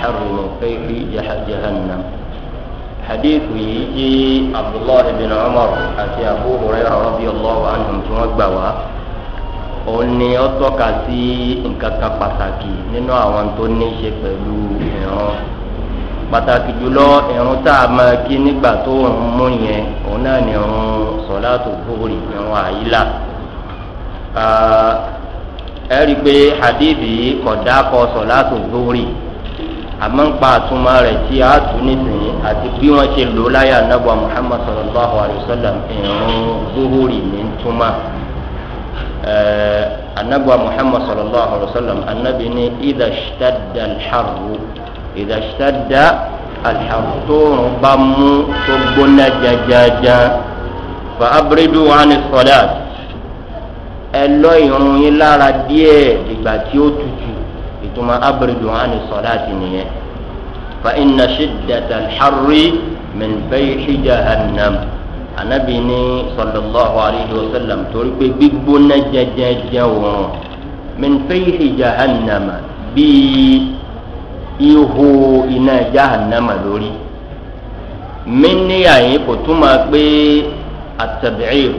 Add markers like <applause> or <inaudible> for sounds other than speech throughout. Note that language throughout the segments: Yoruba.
حرموا في جهنم حديث يجي عبد الله بن عمر أتي أبو هريرة رضي الله عنهم تمكبوا òun ni ó tọ́ka sí nǹkan kan pàtàkì nínú àwọn tó ní í ṣe pẹ̀lú ìran pàtàkì jùlọ ìrun tá a máa kí nígbà tó ń mú yẹn òun náà ni ìrun sọ̀lá tó gbòòrì àyílà ẹ rí i pé hadithi kọ̀dá kọ sọ̀lá tó àmọ́ ń pa àtúmọ̀ rẹ̀ tí a tún nísìnyí àti bí wọ́n ṣe lò láyà nàbà muhammad sallallahu alayhi wa sallam ìrún zuhuri ní túmọ̀ anagba muhammad sallallahu alayhi wa sallam anabi ni idà ṣitadda alḥaru idà ṣitadda alḥaru tóorùn bá mú tó gbóná jajaja fa abiridu wa sọlá ẹ lọ ìrún yín lára díẹ̀ ìgbà tí ó tutù ìtumọ̀ abiridu hàn ní sọ̀láàtì nìyẹn fa iná ṣídàtà xarri min bẹ́ẹ̀ ṣíjà hànàm anabi ní sọlọ́láhu alayhi wa sallam torí pé gbígbóná jẹjẹjẹ wọn min bẹ́ẹ̀ ṣíjà hànàm bíi ihò iná jahannama lórí mi ní àyìn kò túmọ̀ pé àtẹ̀bẹ̀rẹ̀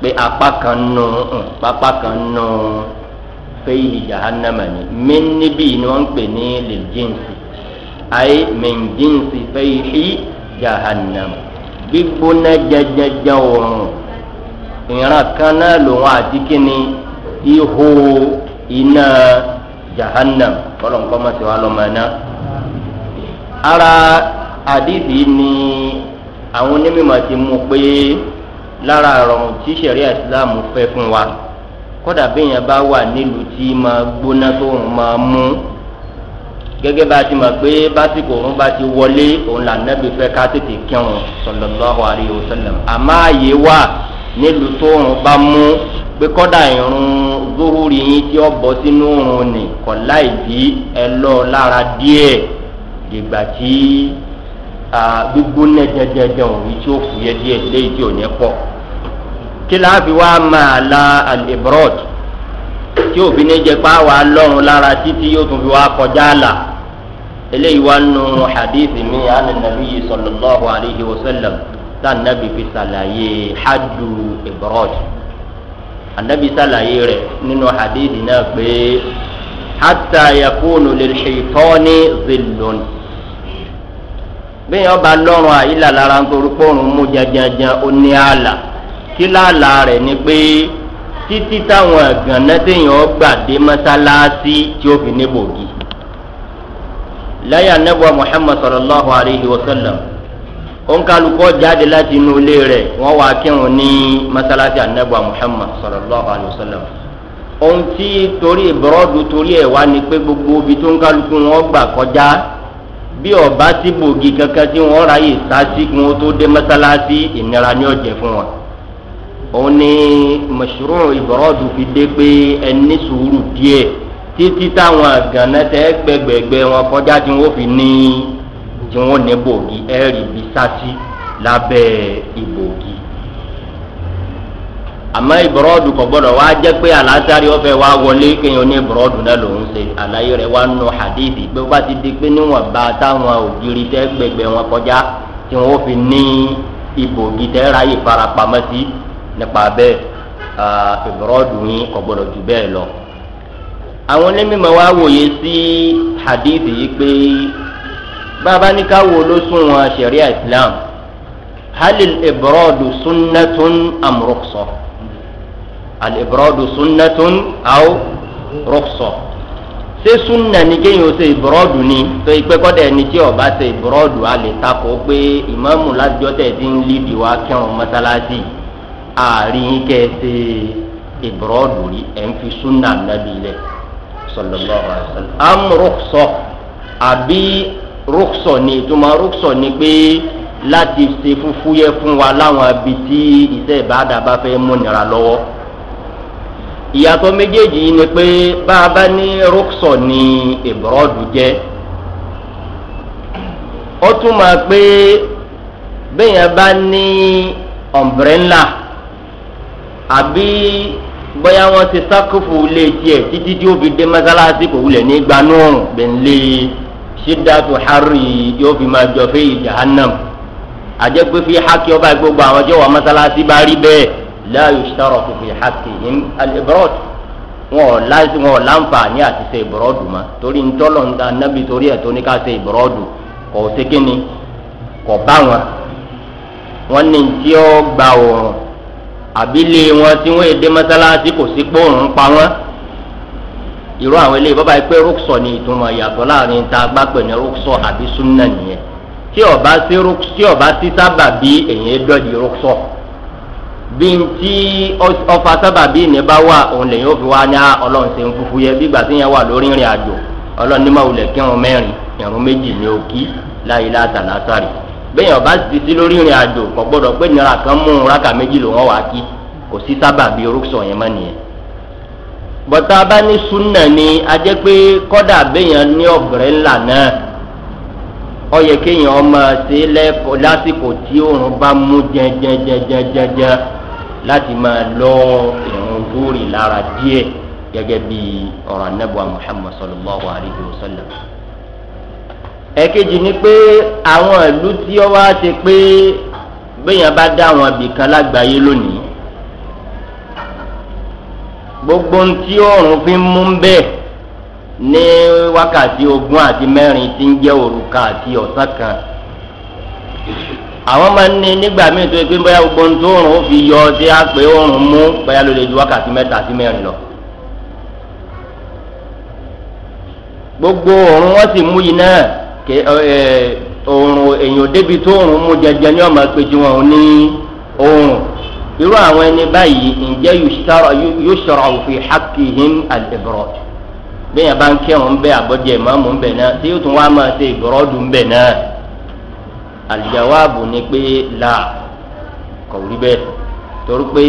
pé apá kan nù apá kan nù. No, kẹfẹ́yìí jahannama ni min níbí ni wọ́n ń pè ní lèjíǹsì ayé min jíǹsì fẹ́yìí jahannama gbígbóná jẹjẹjẹ òòrùn ìran kan náà lòun àti kíni ihò iná jahannam kọlọ̀nkọ́ mọ̀ sí wa ara àdìsí ni àwọn onímọ̀ ti mú pé lára àrùn tí islam fẹ́ fún wa kọ́dà béèyàn bá wà nílùú tí máa gbóná tó òun máa mú gẹ́gẹ́ bá a ti mọ̀ pé básìkò òun bá ti wọlé òun là nẹ́bí fẹ́ ká tètè kírun sọlọ́lọ́hu àríyá òsèlèm àmọ́ àyè wà nílùú tó òun bá mú pé kọ́dà ìrún zúrúri yín tí ó bọ́ sínú òun nì kọ́ láì bí ẹ lọ lára díẹ̀ dìgbà tí gbígbóná jẹjẹjẹ òun yìí tí ó fúyẹ́ díẹ̀ léyìí tí ò ní pọ̀ tí láàfin wa máa la alibrod tí òfin ní jẹ pa wà lọ́rùn lára títí yóò tún fi wá kọjá la eléyìí wá nu hadithi mi àná nàbí sallallahu alayhi wa sallam tá nàbí fi sàlàyé hadu ibrod anabi sàlàyé rẹ nínú hadithi náà pé hatta yakunu lilhitani zillun bí yẹn bá lọ́rùn àyílà lára nítorí pọ́ùn mú jajanjan ó ní àlà. kí láàlà rẹ̀ ni pé títí táwọn àgànná téèyàn gbà dé mọ́sálásí tí ó fi níbògì lẹ́yìn anábọ̀ muhammad sallallahu alayhi wa sallam ònkálukọ́ jáde láti inú ilé rẹ̀ wọ́n wá kírun ní mọ́sálásí anábọ̀ sallallahu alayhi wa sallam ohun ni pé gbogbo ibi tó ń kálukú wọn gbà kọjá bí ọba tí bògì kankan tí ráyè sá sí kí tó dé mọ́sálásí ni fún wọn. òun ni mọ̀ṣúrù ìbọ̀rọ̀dù fi dé pé ẹni sùúrù díẹ̀ títí táwọn àgànnà tẹ́ gbẹgbẹgbẹ wọn kọjá tí wọ́n fi ní tí wọ́n ní bòógì ẹ̀rì bí sátì lábẹ́ ìbòógì àmọ́ ìbọ̀rọ̀dù kò gbọ́dọ̀ wá jẹ́ pé àlásàrí ọ̀fẹ́ wa wọlé kéèyàn ní ìbọ̀rọ̀dù náà lòún ṣe àlàyé rẹ̀ wá nù hadithi pé ó bá ti di pé níwọ̀n bá táwọn ògiri tẹ́ gbẹgbẹ wọn kọjá tí wọ́n fi ní ìbòógì tẹ́ ráyè farapamọ́ sí. Si nípa bẹ́ẹ̀ ìbúrọ́dù yín kò gbọ́dọ̀ jù bẹ́ẹ̀ lọ. àwọn onímọ̀ wa wòye sí hadith yìí pé bàbá ní ká wo ló sún wọn sẹ̀ríà islam halil ìbúrọ́dù sunnatun amurukso alìbúrọ́dù sunnatun aw rukso ṣé sunna ni kéèyàn ṣe ìbúrọ́dù ni tó ìpẹ́ kọ́ dẹ̀ tí ọba ṣe ìbúrọ́dù a lè takò pé ìmáàmù lájọ́ ti ń líbi wá kírun mọ́sálásí yìí àárín kẹsẹ ìbúrọ́dù rí ẹ̀ ń fi súnà nàbí lẹ̀ sọlọ́lọ́ àṣàlẹ̀ amúrúkṣọ àbí rúkṣọ ni ìtumọ̀ rúkṣọ ni pé láti ṣe fúfúyẹ́ fún wa láwọn ibi tí iṣẹ́ ìbáàdà bá fẹ́ múnira lọ́wọ́ ìyàtọ̀ méjèèjì ni pé bá a bá ní rúkṣọ ni ìbúrọ́dù jẹ́ ó tún pé bẹ́ẹ̀ yẹn bá ní ọ̀mbrẹ́ńlá àbí bóyá wọ́n ti sákòfò lé tiẹ̀ títí tí ó fi dé mọ́sálásí kò wulẹ̀ ní gbanú bẹ̀ńlẹ̀ ṣídàtú hárì yóò fi máa jọ fẹ́ jahannam àjẹpẹ́ fi hákì ọba gbogbo àwọn tí wọ́n mọ́sálásí bá rí bẹ́ẹ̀ láàyò ṣàrọ̀ kò fi hákì yín alẹ́bọ̀rọ̀tù wọn ò láti wọn ò láǹfààní àti ṣe ìbúrọ́dù mọ́ torí ntọ́lọ̀ anábì torí ẹ̀ tó ní ká ṣe ìbúrọ́dù kò ṣe kíni kò bá wọn wọn ní tí ó gba òòrùn àbílẹ̀ wọn tí wọ́n èdè mọ́sálásí kò sí pé òun pa wọ́n irú àwọn eléyìí bábà pé rúksọ ni ìtumọ̀ ìyàtọ̀ láàrin ta bá pè ní rúksọ àbí súnà nìyẹn tí ọba sí rúksọ tí ọba sí sábà bí èyí dọ̀dí rúksọ bí n tí ọfà sábà bí ìní bá wà òun lèyìn ó fi wá ní ọlọ́run ṣe ń yẹ bí ìgbà yẹn wà lórí ìrìn àjò ọlọ́run ní màwùlẹ̀ kírun mẹ́rin ìrún méjì ní òkí láyé látà látàrí bẹ́ẹ̀ ọba ti sí lórí ìrìn àjò kò gbọ́dọ̀ pé nira kan mú un rákà méjì lòun wà kí kò sí sábà bíi orúkọ yẹn mọ́ nìyẹn. bọ́tà bá ní súnà ni a jẹ́ pé kọ́dà béèyàn ní ọ̀gẹ̀rẹ́ ńlá náà ọ yẹ kéèyàn ọmọ ṣe lẹ́kọ̀ọ́ lásìkò tí òòrùn bá mú jẹjẹjẹjẹjẹjẹ láti máa lọ ìrùn dúrì lára díẹ̀ gẹ́gẹ́ bíi ọ̀rọ̀ anábọ̀ muhammad sallallahu alayhi wa sallam ẹ̀kejì ni pé àwọn ìlú tí ó wá ti pé béèyàn bá dá àwọn ibìkan lágbàáyé lónìí gbogbo ohun tí oòrùn fi ń mú bẹ́ẹ̀ ní wákàtí ogún àti mẹ́rin tí ń jẹ́ òrùka àti ọ̀sán kan àwọn máa ń ní nígbà míì tó pé bóyá gbogbo ohun tó oòrùn ó fi yọ tí a pé oòrùn mú bóyá ló lè ju wákàtí mẹ́ta sí mẹ́rin lọ. gbogbo oòrùn wọn sì mú yìí náà oorun èèyàn débi tó oorun mú jẹjẹ ní ọmọ àpèjì wọn ò ní oorun irú àwọn ẹni báyìí ǹjẹ́ yóò ṣọ̀rọ̀ òfin hakihim al-ibrod bẹ́ẹ̀ bá ń kírun bẹ́ẹ̀ àbọ̀jẹ̀ ìmáàmù ń bẹ̀ náà tí yóò tún wá máa ṣe ìbọ̀rọ̀dù ń bẹ̀ náà àlùjáwáàbù ni pé là kò rí bẹ́ẹ̀ torí pé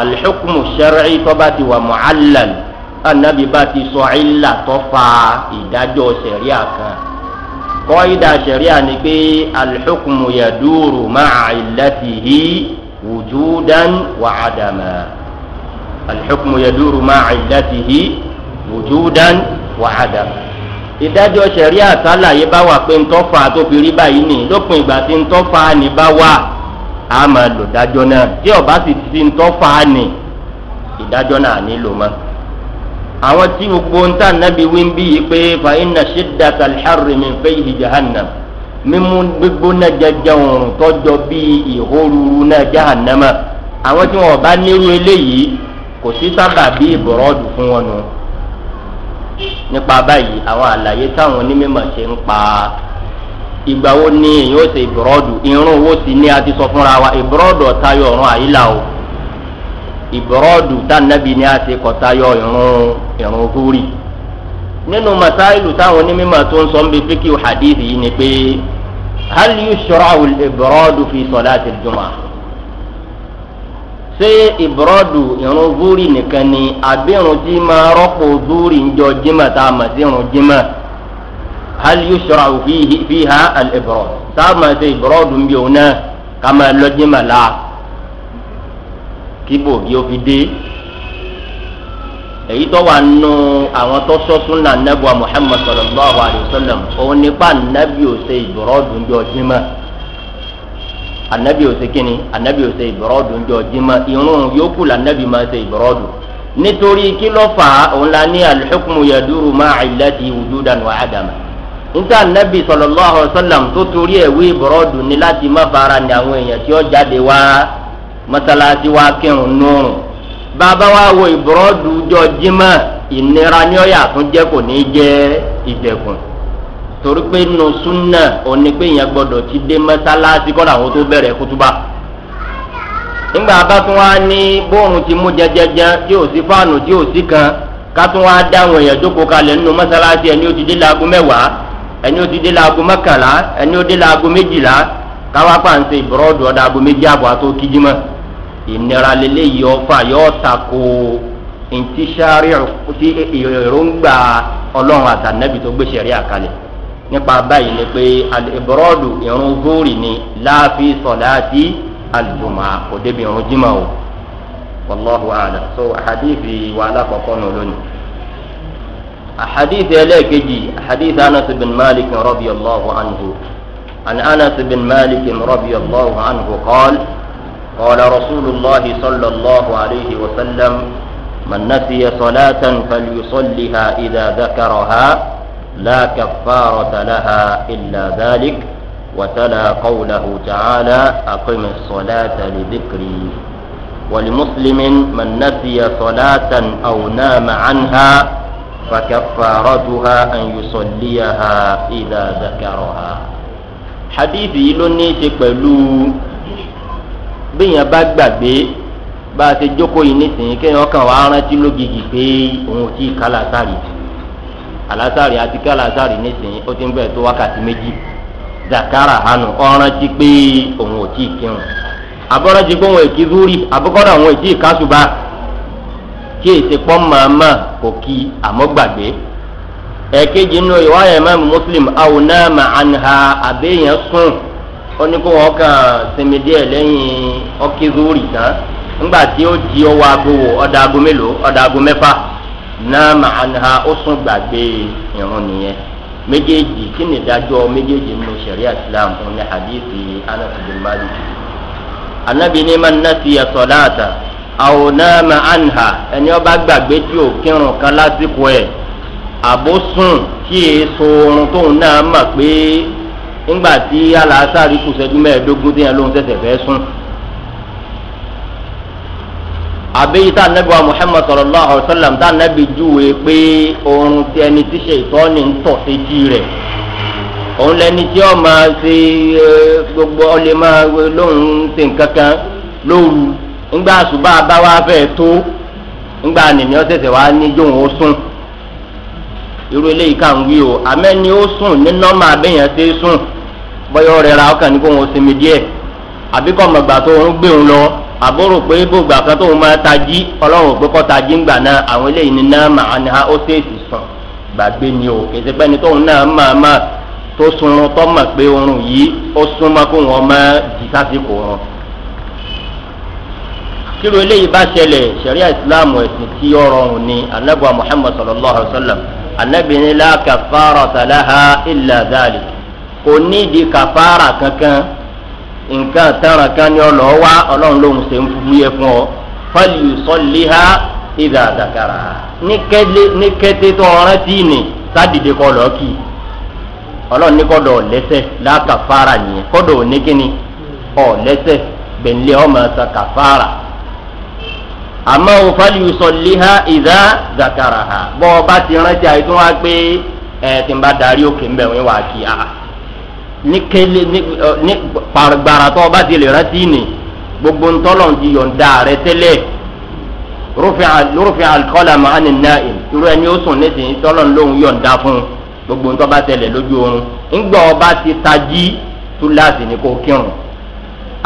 alḥukumu sharci tọ́ba ti wà mu'allal anabi bá ti sọ ilà tó fa ìdájọ́ sẹ̀ríà kan kọ́ídà sẹ̀ríà ni pé alḥukumu yadúró máa ìlàtìhí wùjúdán wà ádámà alḥukumu yadúró máa ìlàtìhí wùjúdán wà ádámà. ìdájọ́ sẹ̀ríà sálàyé bá wà pé ntọ́fà tó fi rí báyìí nì lópin ìgbà tí ntọ́fà ni bá wà á máa lò dájọ́ náà tí ọba sì ti ntọ́fà ni ìdájọ́ náà nílò mọ́ àwọn tí gbogbo ń tà nábì wí ń bí yìí pé fa inna shiddata al-harri min fayhi jahannam mímú gbígbóná jẹjẹ òrùn tọjọ bíi ìhóruru náà jahannama àwọn tí wọn bá nírú eléyìí kò sí sábà bí ìbọ̀rọ̀dù fún wọn nù nípa báyìí àwọn àlàyé táwọn onímọ̀ ṣe ń pa ìgbà wo ni èyí ó ṣe ìbọ̀rọ̀dù irun owó ti ní a ti sọ fúnra wa ìbọ̀rọ̀dù ọ̀tayọ̀ ọ̀run àyílà o ìbọ̀rọ̀dù tànàbí ni a ṣe kọta yọ ìrún ìrún húrì nínú masáìlù táwọn onímọ̀ tó ń sọ ń bẹ fíkì hadith yìí ni pé hal yushra'u ìbọ̀rọ̀dù fi salati al-jum'ah ṣé ìbọ̀rọ̀dù ìrún húrì nìkan ni àbírun tí máa rọ́pò húrì ń jọ jimá tá a mọ̀ sí ìrún jimá hal yushra'u fiha al-ibrad tá a mọ̀ sí ìbọ̀rọ̀dù ń bí òun náà ká máa lọ jimá láà kí bòógì ó fi dé èyí tó wà nù àwọn tó sọ́sún náà nẹ́bùà muhammed sallallahu alayhi wa sallam òun nípa nàbí òsè ìbúrọ́dùn jọ jimá anabi ose kini anabi ose ìbúrọ́dùn jọ jimá irun yòókù la anabi máa ṣe ìbúrọ́dùn nítorí kí ló fà á òun la ní alḥukumu yaduru máa ilati wujudan wa adama níta anabi sallallahu alayhi wa sallam tó torí ẹ̀ wí ni láti má fara ní àwọn èèyàn tí ó jáde wá mọ́sálásí wa kírun nùrùn bàbá wa wo ìbúrọ́dù jọ jimá ìnira ní ọ̀yà tún jẹ́ kò ní jẹ́ ìdẹ̀kùn torí pé nù súnà òní pé èèyàn gbọ́dọ̀ ti dé mọ́sálásí kọ́ làwọn tó bẹ̀rẹ̀ kútúbà nígbà bá tún wá ní bóòrùn ti mú jẹjẹjẹ tí ò sí fáànù tí ò sí kan ká tún wá dáhùn èèyàn jókòó kalẹ̀ nínú mọ́sálásí ẹni ó ti dé laago mẹ́wàá ẹni ó ti dé laago mọ́kànlá ẹni ó dé laago méjìlá káwá pàǹsẹ̀ ìbúrọ́dù ọ̀dà aago méjì àbọ̀ àtó kíjímọ́ ìnira lélẹ́ yìí ọfà yóò tako ntísárì tí èròǹgbà ọlọ́run àtànẹ́bì tó gbé sẹ̀rí àkàlẹ̀ nípa báyìí ni pé alìbọ́rọ́dù irun vóòrì ni láàfin sọ̀dá sí alùmọ̀ kò débi irun jimá o wàlláhu àlà so àhàdìsì wàhálà kọ̀ọ̀kan nù lónìí. أحاديث لكجي حديث أنس بن مالك رضي الله عنه عن أنس بن مالك رضي الله عنه قال قال رسول الله صلى الله عليه وسلم من نسي صلاة فليصلها إذا ذكرها لا كفارة لها إلا ذلك وتلا قوله تعالى أقم الصلاة لذكري ولمسلم من نسي صلاة أو نام عنها فكفارتها أن يصليها إذا ذكرها حديثي لني تقبلوا bíyàn bá gbàgbé bá a ti jókòó yìí nísìnyí kéèyàn kàn wá rántí lógìkì pé òun ò tí ì kálá sáré alásàrì àti kálásàrì nísìnyí ó ti ń bẹ̀rẹ̀ tó wákàtí méjì zakara hanu ọ̀rántí pé òun ò tí ì kírun abọ́rántí pé òun èkí rúurì abọ́kọ́dọ̀ òun èkí ìkásùbà kí èsì pọ́n màmá kò kí àmọ́ gbàgbé ẹ̀ẹ́kejì nínú ìwáyà imam muslim àwòrán màánà àbẹ́yẹn sùn. ó ní kó wọn kàn sinmi díẹ̀ lẹ́yìn ọkẹ́ zúrì tán ńgbà tí ó di ọwọ́ agbowó ọ̀dà ago mélòó ọ̀dà ago gbàgbé nìyẹn méjèèjì kí ni méjèèjì nínú islam ó ní anabi ní ma nasi àwọn náà ẹni ọba gbàgbé tí ò kírun kan lásìkò ẹ̀ àbó sùn tí èso oorun ńgbà tí aláàsárì kù sẹ́jú mẹ́ẹ̀ẹ́dógún tí yẹn ló ń tẹ̀sẹ̀ fẹ́ sùn. àbẹ́yí tá anábìwá muhammed sallallahu alayhi tá anábì júwe pé oorun tí ẹni tí ṣe ìtọ́ni ń tọ̀ sétí rẹ̀ òun lẹni tí ó máa ṣe gbogbo ọ lè máa lóun ṣe nǹkan kan lóru ńgbà àṣùbà bá wá fẹ́ tó nìyẹn wá ó irú eléyìí kà ń wí o àmẹ́ni ó sùn ní abẹ́yẹn bọ́yọ̀ rẹ̀ ra ọkàn ní kó wọn sinmi díẹ̀ àbí kọ́ mọ̀ gbà tó ń gbé òun lọ àbúrò pé bògbà kan tó ń máa tají ọlọ́run ò pé kọ́ tají ńgbà náà àwọn eléyìí ní náà mà á ní ha ó tèèsì sùn gbàgbé ni o kèsì pé ẹni tóun náà máa máa tó sunrun tó mọ̀ pé oorun yìí ó súnmọ́ kó wọn máa jì sásìkò wọn. kílò eléyìí bá ṣẹlẹ̀ sẹ̀ríà ìsìláàmù ẹ̀sìn tí ó rọrùn ni anábọ̀ muhammad sallallahu alayhi wa sallam anábìnrin láàkà fárọ̀ tàláhà ìlà dáàlì kò nídìí kàfàrà kankan nǹkan tẹ̀ràn kan ni ọlọ́ wá ọlọ́run lòún ṣe ń fún yẹ fún ọ fọlì ha ìdá àdàkàrà ní kété tó rántí ni sádìde kọ lọ kì í ọlọ́run ní kọ́dọ̀ lẹ́sẹ̀ lákàfàrà nìyẹn kọ́dọ̀ oníkíni ọ̀ lẹ́sẹ̀ gbẹ̀ǹlẹ̀ ọmọ ẹ̀sán kàfàrà àmọ́ o fali sọ̀líhá ìdá zakaraha bọ́ ọ bá ti rántí àìtún wá pé ẹ̀ tí n bá darí òkè wọ́n wá ní kele ní gbàrà tó o bá ti lè rántí ni gbogbo ntọ́lọ̀ ti yọ̀ǹda rẹ tẹ́lẹ̀ rúfin alikọ́lá máa ní náà irú ẹni ó sùn nísìnyí tọ́lọ̀ lóhùn yọ̀ǹda fún gbogbo ntọ́ bá tẹ̀lẹ̀ lójú oorun ńgbà ọba ti tají túláàsì ní kò kírun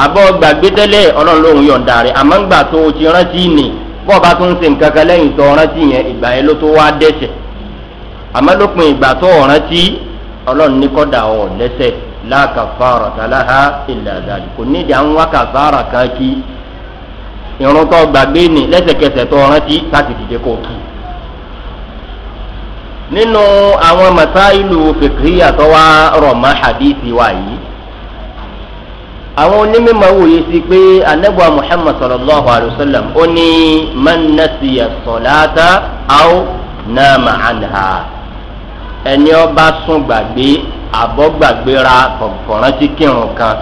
àbọ̀ gbàgbé tẹ́lẹ̀ ọlọ́run lóhùn yọ̀ǹda rẹ àmọ́ ńgbà tó o ti rántí ni bọ́ ọba tó ń se nǹkan kan lẹ́yìn tó rántí yẹn ìgbà yẹn ló tó wá dẹ́sẹ̀ àmọ́ lópin ìgbà tó rántí ọlọ́run ní kọ́dà ọ̀ lẹ́sẹ̀ lákàfàrà tàláhà ìlàdàlì kò nídìí àwọn wákàfàrà kan kí irun tó gbàgbé ni lẹ́sẹ̀kẹsẹ̀ tó rántí láti dìde kó kí nínú àwọn masailu fìkìyà tó wá rọ̀ mọ́ hadithi wa yìí àwọn onímọ̀ wòye sí pé anabuwa muhammad sallallahu alayhi wa sallam ó ní man nasiya sọláta aw nama anha ẹni ọba sún gbàgbé àbọ̀gbàgbéra kọ̀ọ̀kan tí kírun kan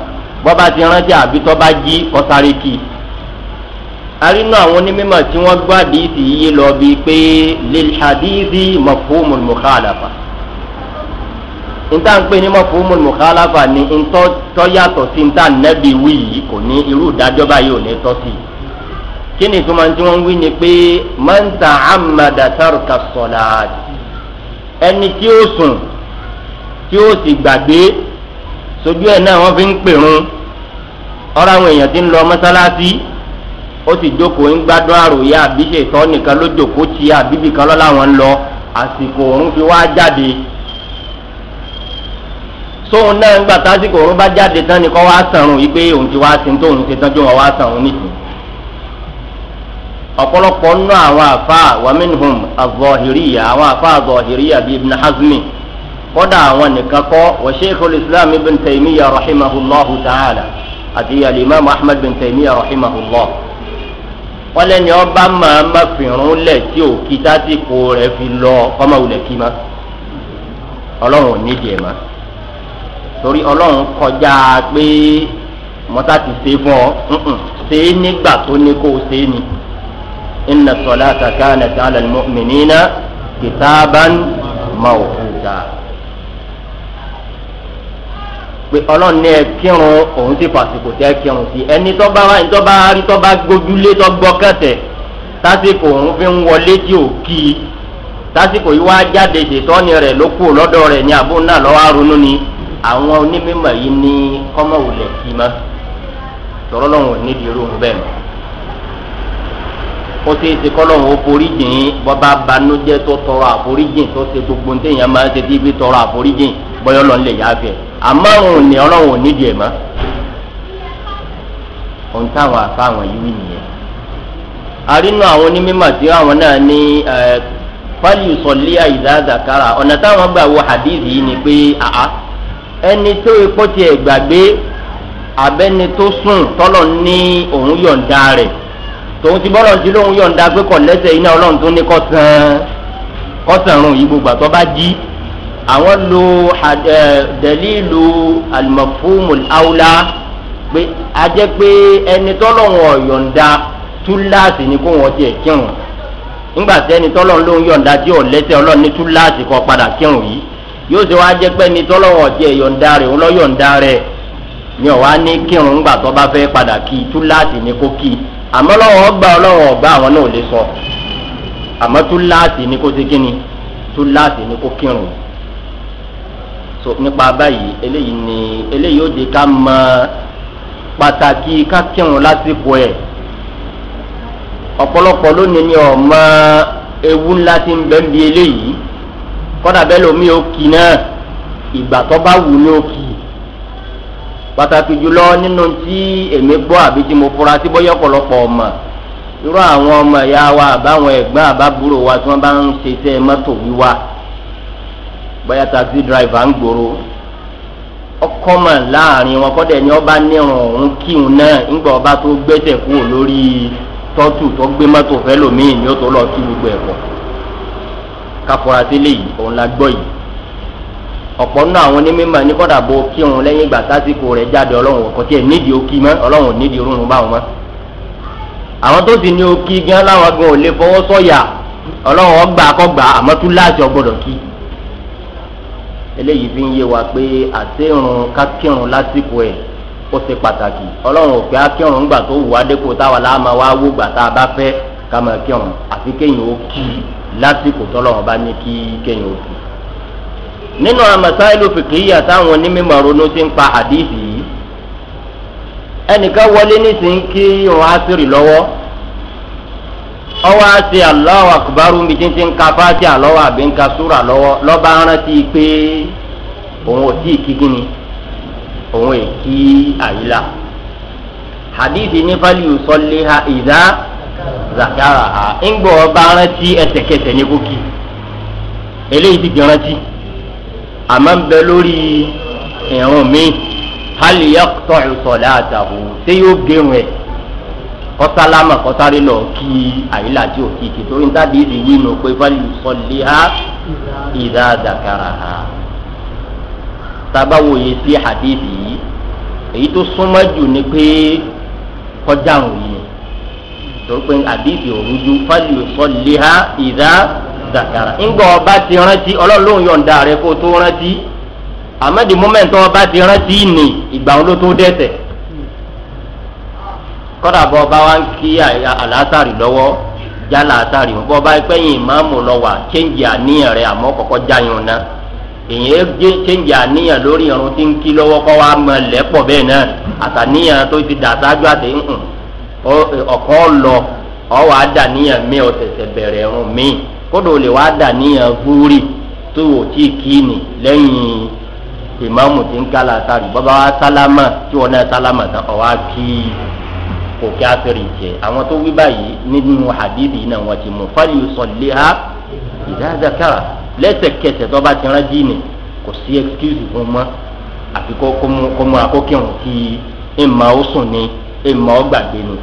bọ́ba ti rántí àbí tọ́ba jí kọ́sáré kì í. arínú àwọn onímọ̀ tí wọ́n gbọ́ àdìsí yìí lọ bíi pé lil hadithi mafhumul mukhalafa. níta ń pè ní mafhumul mukhalafa ni ntọ́ tọ́ yàtọ̀ sí níta nẹ́bi wí yìí kò ní irú ìdájọ́ báyìí ò ní tọ́ sí i. kí ni ìtumọ̀ tí wọ́n wí ni pé man ta'ammada tarka salat ẹni tí ó sùn tí ó sì gbàgbé sojú ẹ̀ náà fi ń pèrun ọ̀rọ̀ àwọn èèyàn ti ń lọ mọ́sálásí ó sì jókòó ń gbádùn àròyé àbíṣe ìtọ́ nìkan ló tí àbíbì kan lọ́la wọn lọ àsìkò òun fi wá jáde sóun náà gbà tásìkò òun bá jáde tán ni wá sàrùn yìí pé òun ti wá sí tán wọn wá sàrùn nìkan ọ̀pọ̀lọpọ̀ àwọn àfa wàmínhùn àzọ̀hìríyà àwọn àfa àzọ̀hìríyà bíi ibn hazmi kódà àwọn nìkan kọ́ wa sheikhul islam ibn taymiya rahimahullahu ta'ala àti alimami ahmed bin taymiya rahimahullah wọn lẹni ọba máa ma fìrún lẹ tí ò kí tásìkò rẹ fi lọ kọmọ wulẹ kí ma ọlọ́run ò nídìí ẹ ma torí ọlọ́run kọjá pé mọta ti ṣe fún ọ ṣe é nígbà tó ní kó o ṣe é ni inna salata kanat ala al-mu'minina kitaban mawquta pé ọlọ́run ní ẹ kírun òun sì fàsìkò tẹ́ kírun sí ẹni tó bá wá tó bá rí tó bá gbójúlé tó gbọ́ kẹsẹ̀ tásìkò òun fi ń wọlé tí ò kí i tásìkò yìí wá jáde ṣètọ́ni rẹ̀ ló kú lọ́dọ̀ rẹ̀ ní àbúrò náà lọ́wọ́ ronú ni àwọn onímọ̀ yìí ní kọ́mọ̀wòlẹ̀ kì í mọ́ tọ́rọ́ lọ́wọ́ nídìí irú òun bẹ́ẹ̀ mọ́ ó ṣe é ṣe kọ́lọ́hún ó foríjìn bọ́bá banújẹ́ tó tọrọ àforíjìn tó ṣe gbogbo ní bọ́yọ́ lọ́n lè yá bẹ̀ àmọ́ òun ní ọlọ́run ò nídìí ẹ̀ mọ́ ohun táwọn afá àwọn yìí wí nìyẹn arínú àwọn onímọ̀ tí àwọn náà ní fálì sọ̀lí àìdáàdàkárà ọ̀nà táwọn gbà wọ hadith yìí ni pé àá ẹni tó epo tiẹ̀ gbàgbé abẹ́ni tó sùn tọ́lọ̀ ní òun yọ̀ǹda rẹ̀ tòun ti bọ́lọ̀ sí lóun yọ̀ǹda pé kọ̀ lẹ́sẹ̀ iná ọlọ́run tó ní kọ́ sàn kọ́ sàn rùn yìí gbogbo àtọ́ bá jí àwọn lo eh, dalilu alimafumul awla pé a jẹ́ pé ẹni tọ́lọ́wọ̀n ọ̀yọ̀ǹda túláàsì ni kó wọ́n tiẹ̀ kírun nígbà tí ẹni tọ́lọ́wọ̀n ló ń yọ̀ǹda tí ò lẹ́sẹ̀ ọlọ́run ní túláàsì kọ́ padà kírun yìí yóò ṣe wá jẹ́ pé ẹni tọ́lọ́wọ̀n tiẹ̀ yọ̀ǹda rẹ̀ ń lọ́ yọ̀ǹda rẹ̀ ni ọ̀wá ní kírun ńgbà tó bá fẹ́ padà kí túláàsì ni kó kí àmọ́ lọ́wọ́ gbà ọlọ́wọ̀n ọ̀gbà àwọn náà ò lè sọ àmọ́ túláàsì ni kó ṣe kíni so nípa báyìí eléyìí ni eléyìí ó di ká mọ pàtàkì ká kírun lásìkò ẹ̀ ọ̀pọ̀lọpọ̀ lónìí ni ọ̀mọ ewu ńlá ti ń bẹ́ ń bi eléyìí kọ́dà bẹ́ẹ̀ lómi ó kì náà ìgbà tó bá wù ní ó pàtàkì jùlọ nínú tí èmi gbọ́ àbí tí mo fura sí bóyá ọ̀pọ̀lọpọ̀ ọ̀mọ̀ irú àwọn ọmọ ìyá wa àbáwọn ẹ̀gbọ́n àbábúrò wa tí wọ́n bá ń ṣe iṣẹ́ mọ́tò wíwá. bóyá taxi driver ń gbòòrò ọkọ ma láàrin wọn kọ́dẹ̀ ni ọba nírun òun náà ńgbà ọba tó gbẹ́sẹ̀ kúrò lórí tọ́tù tó gbé mọ́tò fẹ́ lòmíì ni ó tó lọ kí gbogbo sílé yìí òun la gbọ yìí nínú àwọn ní kọ́dà kírun ìgbà tásìkò jáde tí nídìí ó kí ò nídìí báwọn àwọn tó sì ní kí láwọn eléyìí fi ń yé wa pé àtẹ̀rùn kákírun lásìkò ẹ̀ ó ṣe pàtàkì ọlọ́run òfin akírun gbà tó wù adéko táwa láàmà wá wó gbà tá a bá fẹ́ ká máa kírun àfi kéyìn ó kì í lásìkò tọ́lọ́run bá ní kí kéyìn ó kì í. nínú àmọ̀tá fìkìyà táwọn onímọ̀ ronú ti ń pa àdìsí yìí ẹnìkan wọlé nísìnyí kí irun á sírì lọ́wọ́ ọwọ́ àti Allahu akbaru mi ti ń ka fáti àlọ́wọ́ àbí ń ka súra lọ́wọ́ lọ́ba rántí pé òun ò tí ì kí kíni òun è kí àyílà hadithi ní fali yusolliha ìdá zakara ha ńgbọ́ ọba rántí ẹsẹ̀kẹsẹ̀ ní kókì eléyìí ti rántí àmọ́ ń bẹ lórí ìrùn mi hali yaqta'u salatahu ṣé yóò gé wọn ẹ̀ kọsálámà kọsáré lọ kí àyílà tí ò kí kí torí níta bí ìdí yìí nù pé fálì sọlé ha ìdá zakara ha tábà wòye sí hadithi yìí èyí tó súnmọ́ jù ni pé kọjá òun yìí torí pé hadithi òrujú fálì sọlé ha ìdá zakara ńgbà ọba ti rántí ọlọ́run yọ̀ǹda rẹ kó tó rántí àmọ́ di mọ́mẹ́ntì ọba ti rántí ni ìgbà wọn ló tó dẹ́sẹ̀. kọ́dà bọ́ ọba wa ń kí àlásàrì lọ́wọ́ já làásàrì wọn bọ́ lọ wà chéǹjì àníyàn rẹ àmọ́ kọ́kọ́ já yàn náà èyàn jẹ́ chéǹjì àníyàn lórí irun tí ń kí lọ́wọ́ kọ́ mọ lẹ́pọ̀ bẹ́ẹ̀ náà àtàníyàn tó ti dà àti ọ̀kan lọ bẹ̀rẹ̀ kódò lè wá gúrì tó tí lẹ́yìn ń kálá sáré sálámà tí wọn náà sálámà tán ọ̀ wá kí kò kí afẹ́rẹ́ ìjẹ́ àwọn tó wí báyìí nínú hadithi náà wọ́n ti mú fálì sọ̀lẹ́ ha ìdáàdàkàrà lẹ́sẹ̀kẹsẹ̀ tó bá ti rántí ni kò sí excuse fún mọ́ àfi kó mú akókèrún kí ìmọ̀ ó sùn ni ìmọ̀ ó gbàgbé ni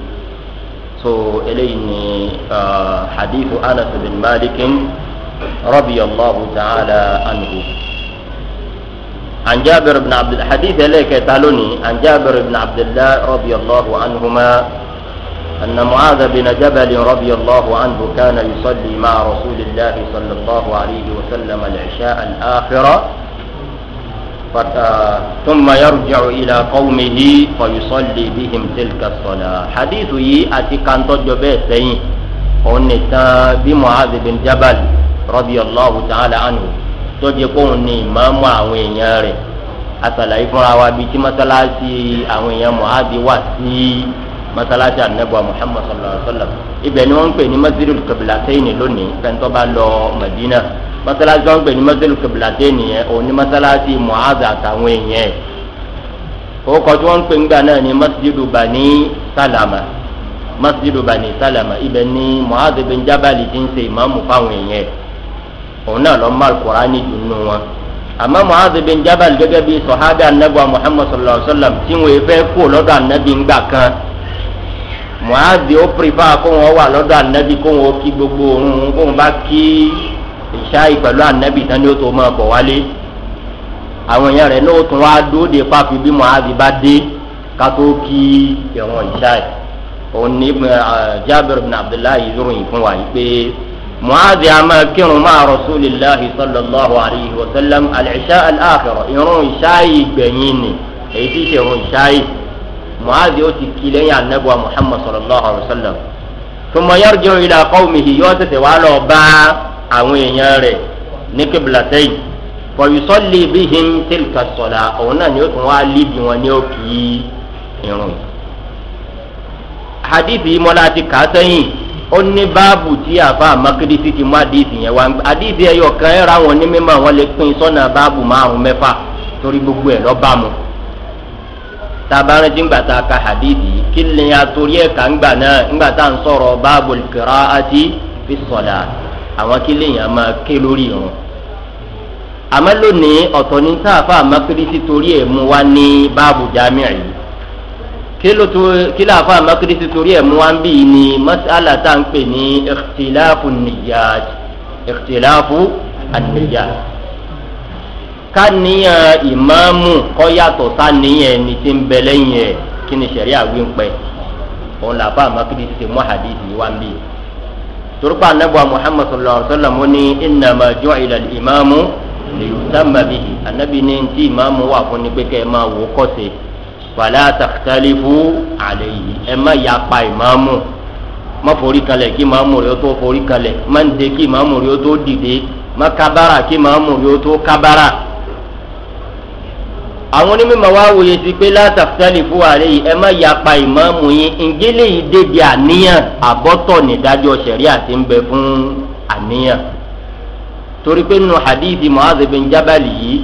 so eléyìí ni hadithu anas bin malik rabi allahu ta'ala anhu. عن جابر بن عبد الحديث ليك يتعلني عن جابر بن عبد الله رضي الله عنهما أن معاذ بن جبل رضي الله عنه كان يصلي مع رسول الله صلى الله عليه وسلم العشاء الآخرة ثم يرجع إلى قومه فيصلي بهم تلك الصلاة حديثي أتي كان تجبه سين هون بمعاذ بن جبل رضي الله تعالى عنه tọ́jú kóun ní ìmáàmù àwọn èèyàn rẹ̀ àtàlàyé fúnra wa bíi tí mọ́sálásí àwọn èèyàn mọ̀hádi wà sí mọ́sálásí ànábọ̀ muhammad sallallahu alayhi wa sallam ibẹ̀ ni wọ́n ń pè ní masjidul kabilatẹ́yìn lónìí fẹ́ntọ́ bá lọ madina mọ́sálásí wọn ń pè ní masjidul kabilatẹ́yìn yẹn òun ní mọ́sálásí mọ̀hádi àtàwọn èèyàn ẹ̀ kókò tí wọ́n ń pè ńgbà náà ní masjidu bani salama masjidu bani salama ibẹ̀ ni mọ̀hádi bin òun náà lọ má alukur'ani jù nù wọn àmọ́ muhammed bin jabal gẹ́gẹ́ bí sọ̀hádà anabuwa muhammed sallallahu alayhi wa sallam tí wọ́n fẹ́ kó lọ́dọ̀ anabi ńgbà kan muhammed ó pèfà kó wọn wà lọ́dọ̀ anabi kó wọn kí gbogbo òun kó wọn bá kí ìṣáì pẹ̀lú anabi tán ni ó tó máa bọ̀ wálé àwọn èèyàn rẹ̀ náà tún wá dóde pàfi bí muhammed bá dé ká tó kí ìrun ìṣáì òun ní eh, jabir bin abdullahi yìí ròyìn wa yìí mu'adhi ama kírun máa rasulillahi sallallahu alayhi wa sallam al-isha al-akhira irun ìṣáyì gbẹ̀yìn ni èyí tí ṣe irun ìṣáyì mu'adhi ó ti kí lẹ́yìn anabuwa muhammad sallallahu alayhi wa sallam tuma yarji'u ila qawmihi yóò tètè wá lọ bá àwọn èèyàn rẹ̀ ní kébìlàtẹ́yì fọyùsọ́lì bíhìn tìlkà sọ̀la òun náà ni ó tún wá líbi wọn ní òkì irun hadith mọ́lá ti kà sẹ́yìn. ó ní báàbù tí àfa àmàkìrìsì ti mú àdìsí yẹn wá àdìsí ẹyọ kan ẹ ra wọn ní mímọ lè sọnà báàbù márùn mẹfà torí gbogbo ẹ tabarin ti ngba ta ka hadithi a ka ngba náà ngba ta ń sọ̀rọ̀ báàbù kìrá àti fi sọ̀dà àwọn kí lè yàn máa ké lórí wọn. àmọ́ kílò àfa makirisi torí ẹ̀ mú wá ń bì í ni masala tá à ń pè ní ìkìtìláfù nìyàj ìkìtìláfù ànìyàj káníyàn ìmáàmù kọ́ yàtọ̀ sáníyàn ẹni tí ń bẹ lẹ́yìn ẹ̀ kí ni sẹ̀rí àwìn pẹ́ òun làfa makirisi ti mú hadithi wá ń bì í turpa anabuwa muhammad sallallahu alaihi wa sallam inna ma jọ ilal imaamu lè sàmàbí anabi ni pé kẹ́ ẹ máa wò kọ́ sí fàlẹ́ àtàkùtàlífù àlẹ́ yìí ẹ má ya pa ìmáàmù má forí kalẹ̀ kí ìmáàmù rẹ̀ ó tó forí kalẹ̀ má ń de kí ìmáàmù rẹ̀ ó tó dìde má kábàrà kí ìmáàmù rẹ̀ ó tó kábàrà. àwọn onímọ̀ wá wòye sí pé látàkùtàlífù àlẹ́ yìí ẹ má ya pa ìmáàmù yín ǹjẹ́ lè yí débi àníyàn àbọ̀tọ̀ nídájọ́ sẹ̀rí àti ń bẹ fún àníyàn torí pé nínú hadithi muhammed bin jabali yìí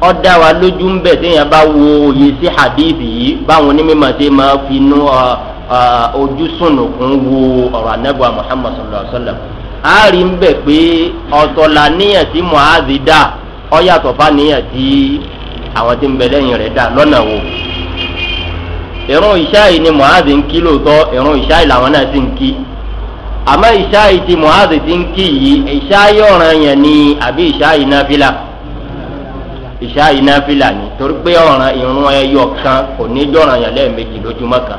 ọ̀dà wa lójú ń bẹ̀ téèyàn bá wo òye sí hadith yìí báwọn onímọ̀ ṣe máa fi inú ojú sùnùkún wo ọ̀rọ̀ anábọ̀ muhammad sallallahu alayhi wa sallam a rí ń bẹ̀ pé ọ̀tọ̀ la níyàn tí muhazi dà ọ yàtọ̀ fáníyàn tí àwọn tí ń bẹ lẹ́yìn rẹ̀ dà lọ́nà wo ìrún ìṣáì ni muhazi ń kí lóòótọ́ ìrún ìṣáì làwọn náà sì ń kí àmọ́ ìṣáì tí muhazi ti ń kí yìí ìṣáì ni àbí ìṣáì náà ìṣá yìí náfìlà ni torí pé ọ̀ràn irun ẹyọ kan kò ní dọ̀ràn yàn lẹ́ẹ̀mejì lójúmọ́ kan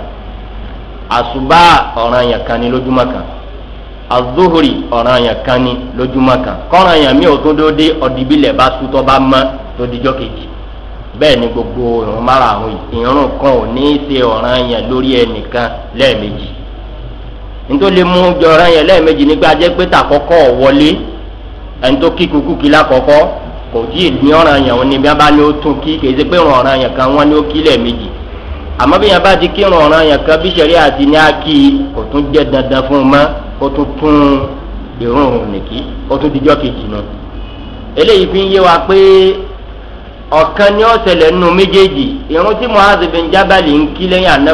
àṣùbà ọ̀ràn yàn kan ni lójúmọ́ kan azuhuri ọ̀ràn yàn kan ni lójúmọ́ kan kọ́ràn yàn mí ò ni gbogbo mara kan ò ní í ṣe ọ̀ràn yàn lórí ẹnìkan nítorí mú yàn nígbà jẹ́ pé tàkọ́kọ́ wọlé ẹni tó kò jí ìdí ọ̀ràn yẹn òun ni bí wọ́n bá ní ó tún kí kì pé ìrùn ọ̀ràn yẹn kan wọ́n ni o kí lẹ́ẹ̀mejì àmọ́ bí yẹn bá ti kí ọ̀ràn yẹn kan bí sẹ̀rí àti ní ákì kò tún jẹ́ dandan fún un mọ́ ó tún tún ìrùn òun nìkí ó tún dijọ́ kejì nù. eléyìí fi ń yé wa pé ọ̀kan ni ó ṣẹlẹ̀ nínú méjèèjì tí muhammed bin jabali ń kí lẹ́yìn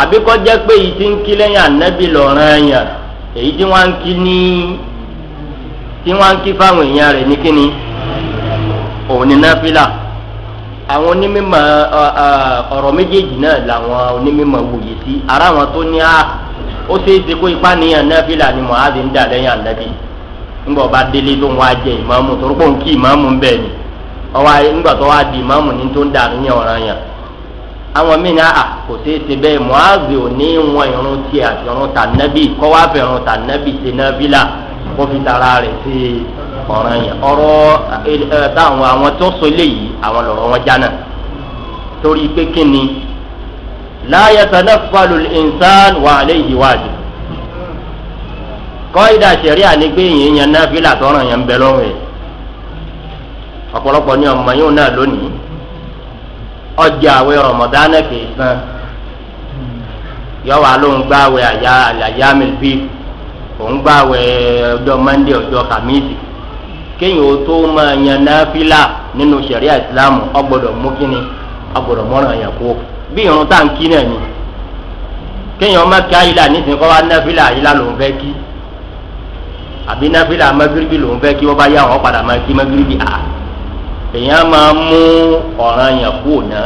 abiko kpe pé èyí tí ń kí lẹ́yìn ànábì lọ́ràn ẹ̀yàn èyí tí wọ́n ń kí ní tí wọ́n ń kí fáwọn èèyàn rẹ̀ ní kíni òun ni àwọn onímọ̀ ọ̀rọ̀ méjèèjì náà làwọn onímọ̀ wòye sí ara àwọn tó ní a ah, ó ṣeé ṣe kó ipá níyàn ni mohamed ń dà lẹ́yìn ànábì ńgbà ọba délé tó ń wá jẹ ìmọ̀ọ́mù torókò ń kí ìmọ̀ọ́mù ń bẹ̀ ni ọwọ́ tó wá di ìmọ̀ọ́mù ní tó ń dà níyàn yàn àwọn míì ní àà kò tèè ṣe bẹ́ẹ̀ muhazi ò ní wọn irun tiẹ̀ àti irun tà nẹ́bì kọ́ wá fẹ́ irun tà nẹ́bì ṣe nẹ́bìlà kó fi tara rẹ̀ sí ọ̀ràn yẹn ọ̀rọ̀ táwọn àwọn tó so léyìí àwọn lọ̀rọ̀ wọn jánà torí pé kí ni láyé sẹ́dẹ̀ fàlù ìnsán wà léyìí wájú kọ́ ìdá sẹ̀rí ànígbé yìnyín yẹn nẹ́bìlà tọ́ràn yẹn ń bẹ lọ́rùn yẹn ọ̀pọ̀lọpọ̀ ni ọmọ yóò náà lónìí ọjà àwẹ̀ rọmọdánà kì í san yọwà ló ń gbà àwẹ̀ àyà àyà mẹlẹbí òun gbà àwẹ̀ ọjọ́ mọ́ndé ọjọ́ kàmíìsì kéèyàn ó tó máa yan náfìlà nínú sẹ̀ríà ìsìlámù ọgbọ́dọ̀ mú kíni ọgbọ́dọ̀ mọ́ràn yẹn kú bí irun tá à kí náà ni kéèyàn má kí àyílà nísìnyí kọ́ wá náfìlà àyílà ló ń fẹ́ kí àbí náfìlà mẹ́gíríbì ló ń fẹ́ kí wọ́n bá yá wọn padà máa kí mẹ́gíríbì àá èèyàn máa mú ọ̀ràn yàn kú òná